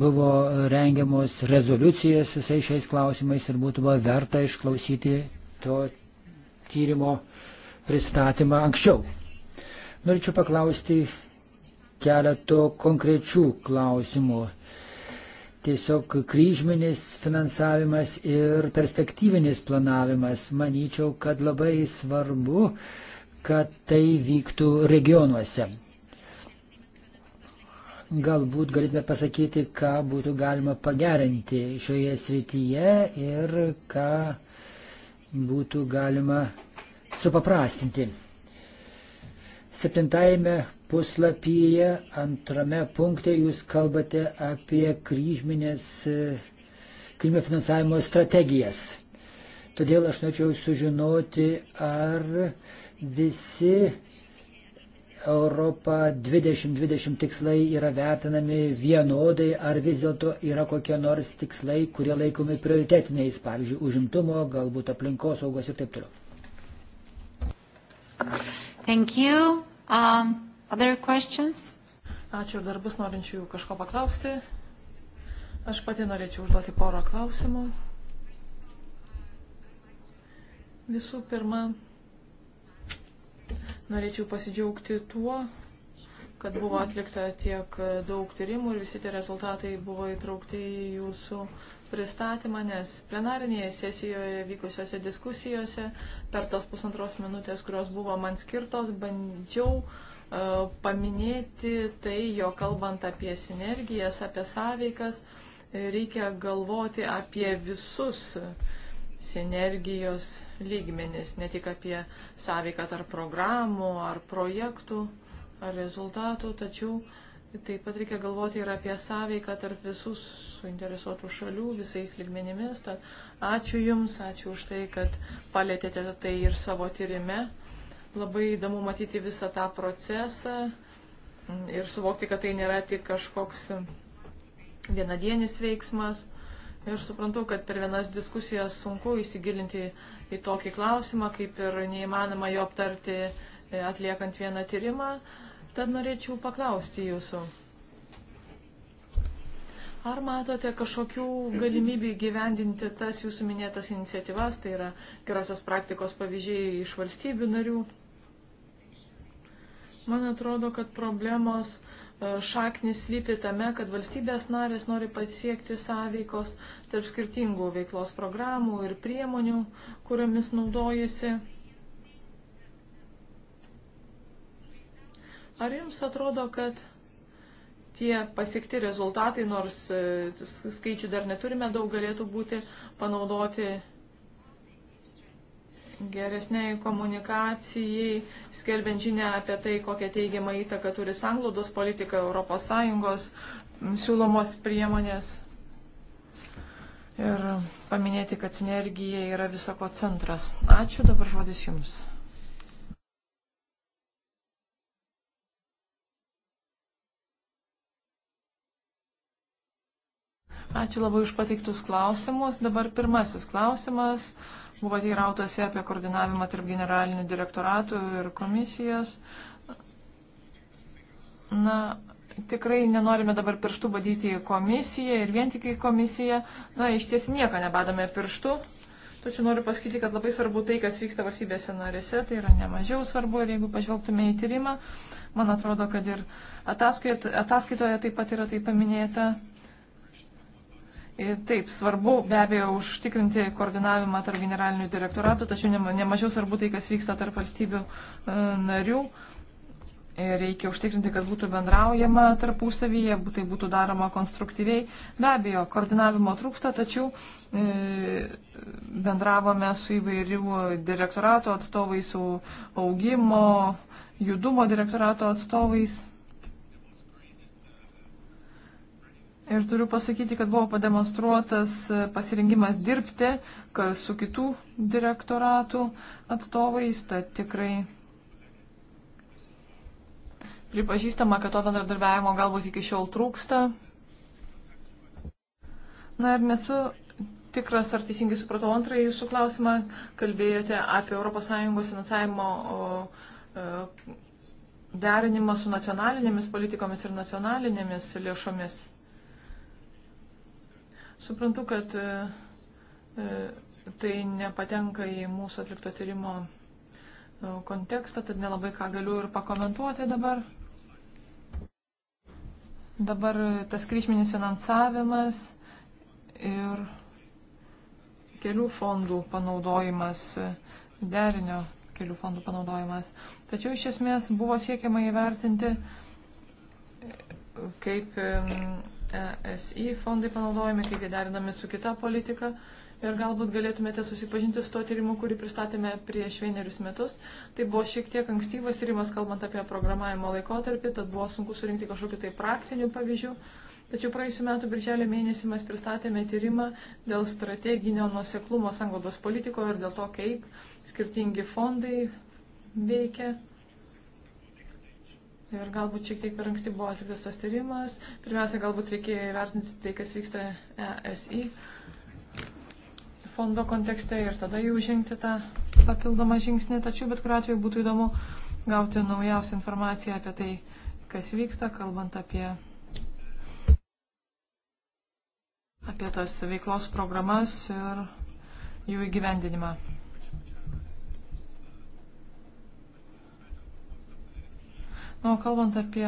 buvo rengiamos rezoliucijas visais šiais klausimais ir būtų buvo verta išklausyti to tyrimo pristatymą anksčiau. Norėčiau paklausti keletų konkrečių klausimų. Tiesiog kryžminis finansavimas ir perspektyvinis planavimas. Manyčiau, kad labai svarbu, kad tai vyktų regionuose galbūt galėtume pasakyti, ką būtų galima pagerinti šioje srityje ir ką būtų galima supaprastinti. Septintajame puslapyje, antrame punkte jūs kalbate apie kryžminės kryžminio finansavimo strategijas. Todėl aš norėčiau sužinoti, ar visi Europa 2020 tikslai yra vertinami vienodai, ar vis dėlto yra kokie nors tikslai, kurie laikomi prioritetiniais, pavyzdžiui, užimtumo, galbūt aplinkosaugos ir taip toliau. Thank you. Um, other questions? Ačiū, dar bus norinčių kažko paklausti. Aš pati norėčiau užduoti porą klausimų. Visų pirma, Norėčiau pasidžiaugti tuo, kad buvo atlikta tiek daug tyrimų ir visi tie rezultatai buvo įtraukti į jūsų pristatymą, nes plenarinėje sesijoje vykusiuose diskusijose per tas pusantros minutės, kurios buvo man skirtos, bandžiau uh, paminėti tai, jo kalbant apie sinergijas, apie sąveikas, reikia galvoti apie visus uh, sinergijos lygmenis, ne tik apie sąveiką tarp programų ar projektų ar rezultatų, tačiau taip pat reikia galvoti ir apie sąveiką tarp visų suinteresuotų šalių visais lygmenimis. Tad ačiū Jums, ačiū už tai, kad palėtėte tai ir savo tyrime. Labai įdomu matyti visą tą procesą ir suvokti, kad tai nėra tik kažkoks vienadienis veiksmas. Ir suprantu, kad per vienas diskusijas sunku įsigilinti į tokį klausimą, kaip ir neįmanoma jo aptarti e, atliekant vieną tyrimą. Tad norėčiau paklausti jūsų. Ar matote kažkokių galimybių gyvendinti tas jūsų minėtas iniciatyvas, tai yra gerosios praktikos pavyzdžiai iš valstybių narių? Man atrodo, kad problemos šaknis lypi tame, kad valstybės narės nori pasiekti sąveikos tarp skirtingų veiklos programų ir priemonių, kuriomis naudojasi. Ar jums atrodo, kad tie pasiekti rezultatai, nors e, skaičių dar neturime daug, galėtų būti panaudoti geresniai komunikacijai, skelbiant žinę apie tai, kokią teigiamą įtaką turi sanglaudos politika ES siūlomos priemonės. Ir paminėti, kad sinergija yra visako centras. Ačiū, dabar žodis Jums. Ačiū labai už pateiktus klausimus. Dabar pirmasis klausimas. Uh, buvo teirautasi apie koordinavimą tarp generalinių direktoratų ir komisijos. Na, tikrai nenorime dabar pirštų badyti į komisiją ir vien tik į komisiją. Na, iš ties nieko nebadame pirštų. Tačiau noriu pasakyti, kad labai svarbu tai, kas vyksta valstybėse narėse, tai yra nemažiau svarbu ir jeigu pažvelgtume į tyrimą, man atrodo, kad ir ataskaitoje, ataskaitoje taip pat yra tai paminėta. E, taip, svarbu be abejo užtikrinti koordinavimą tarp generalinių direktoratų, tačiau nemažiau svarbu tai, kas vyksta tarp valstybių e, narių. E, reikia užtikrinti, kad būtų bendraujama tarpusavyje, tai būtų daroma konstruktyviai. Be abejo, koordinavimo trūksta, tačiau bendravome su įvairių direktorato atstovais, su augimo, judumo direktorato atstovais. Ir turiu pasakyti, kad buvo pademonstruotas pasirinkimas dirbti su kitų direktoratų atstovais. Tad tikrai pripažįstama, kad to bendradarbiavimo galbūt iki šiol trūksta. Na ir nesu tikras, ar teisingai supratau antrąjį jūsų klausimą. Kalbėjote apie ES finansavimo e, derinimą su nacionalinėmis politikomis ir nacionalinėmis lėšomis. Suprantu, kad e, e, tai nepatenka į mūsų atlikto tyrimo e, kontekstą, tad nelabai ką galiu ir pakomentuoti dabar. Dabar tas kryžminis finansavimas ir kelių fondų panaudojimas, derinio kelių fondų panaudojimas. Tačiau iš esmės buvo siekiama įvertinti, kaip ESI fondai panaudojami, kaip jie derinami su kita politika. Ir galbūt galėtumėte susipažinti su to tyrimu, kurį pristatėme prieš vienerius metus. Tai buvo šiek tiek ankstyvas tyrimas, kalbant apie programavimo laikotarpį, tad buvo sunku surinkti kažkokiu tai praktiniu pavyzdžiu. Tačiau praėjusiu metu birželio mėnesį mes pristatėme tyrimą dėl strateginio nuseklumo sanglaudos politikoje ir dėl to, kaip skirtingi fondai veikia. Ir galbūt šiek tiek per anksti buvo atliktas tas tyrimas. Pirmiausia, galbūt reikėjo įvertinti tai, kas vyksta ESI fondo kontekste ir tada jau žengti tą papildomą žingsnį. Tačiau bet kuriuo atveju būtų įdomu gauti naujausią informaciją apie tai, kas vyksta, kalbant apie, apie tas veiklos programas ir jų įgyvendinimą. Nu, kalbant apie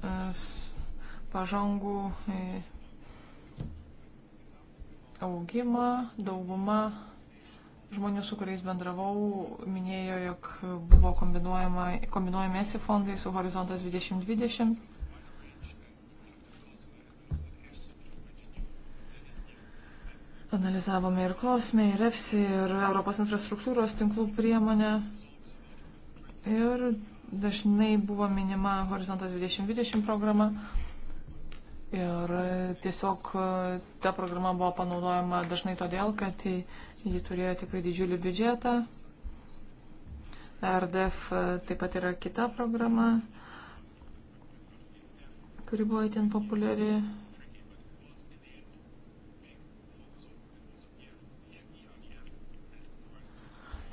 e, pažangų e, augimą, dauguma žmonių, su kuriais bendravau, minėjo, jog buvo kombinuojami esi fondai su Horizontas 2020. Analizavome ir kosmę, ir EFSI, ir Europos infrastruktūros tinklų priemonę. Ir dažnai buvo minima Horizontas 2020 programa. Ir tiesiog e, ta programa buvo panaudojama dažnai todėl, kad ji turėjo tikrai didžiulį biudžetą. RDF e, taip pat yra kita programa, kuri buvo itin populiari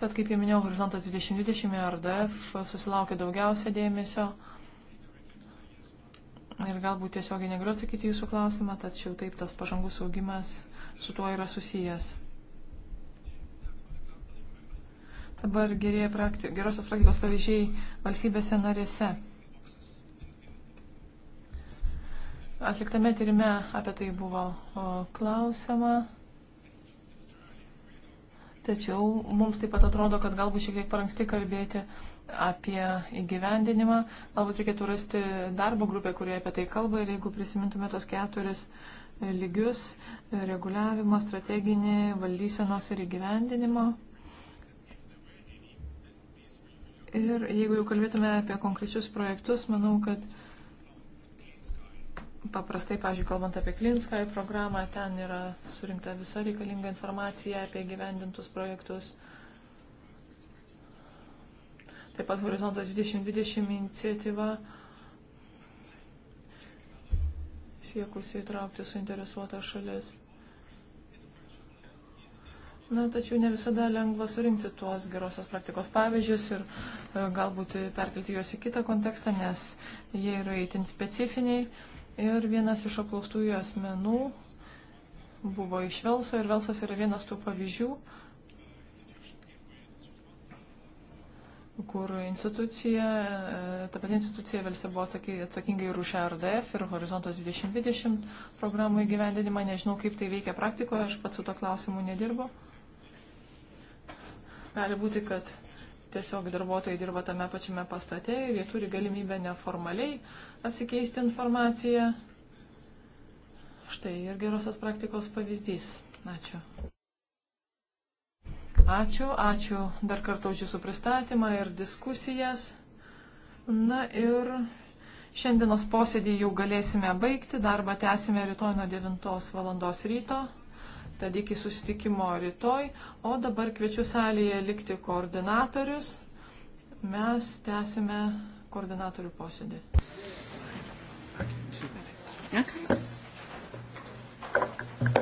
Tad, kaip jau minėjau, horizontas 2020 e RDF susilaukė daugiausia dėmesio. Ir galbūt tiesiogiai negaliu atsakyti jūsų klausimą, tačiau taip tas pažangus augimas su tuo yra susijęs. Dabar prakti gerosios praktikos pavyzdžiai valstybėse narėse. Atliktame tyrime apie tai buvo o, klausama tačiau mums taip pat atrodo, kad galbūt šiek tiek per anksti kalbėti apie įgyvendinimą. Galbūt reikėtų rasti darbo grupę, kurie apie tai kalba ir jeigu prisimintume tos keturis lygius - reguliavimo, strateginį, valdysenos ir įgyvendinimo. Ir jeigu jau kalbėtume apie konkrečius projektus, manau, kad paprastai, pažiūrėjau, kalbant apie Klinskai programą, ten yra surinkta visa reikalinga informacija apie gyvendintus projektus. Taip pat Horizontas 2020 iniciatyva siekusi įtraukti suinteresuotas šalis. Na, tačiau ne visada lengva surinkti tuos gerosios praktikos pavyzdžius ir e, galbūt perkelti juos į kitą kontekstą, nes jie yra įtin specifiniai. Ir vienas iš apklaustųjų asmenų buvo iš Velso ir Velsas yra vienas tų pavyzdžių, kur institucija, e, ta pati institucija Velse buvo atsakinga ir už e RDF ir Horizontas 2020 programų įgyvendinimą. Nežinau, kaip tai veikia praktikoje, aš pats su to klausimu nedirbu. Gali būti, kad tiesiog darbuotojai dirba tame pačiame pastate ir jie turi galimybę neformaliai uh, apsikeisti informaciją. Štai ir gerosios praktikos pavyzdys. Ačiū. Ačiū, ačiū dar kartą už Jūsų pristatymą ir diskusijas. Na ir šiandienos posėdį jau galėsime baigti, darbą tęsime rytoj nuo 9 val. ryto, tad iki susitikimo rytoj, o dabar kviečiu salėje likti koordinatorius. Mes tęsime koordinatorių posėdį. Okay.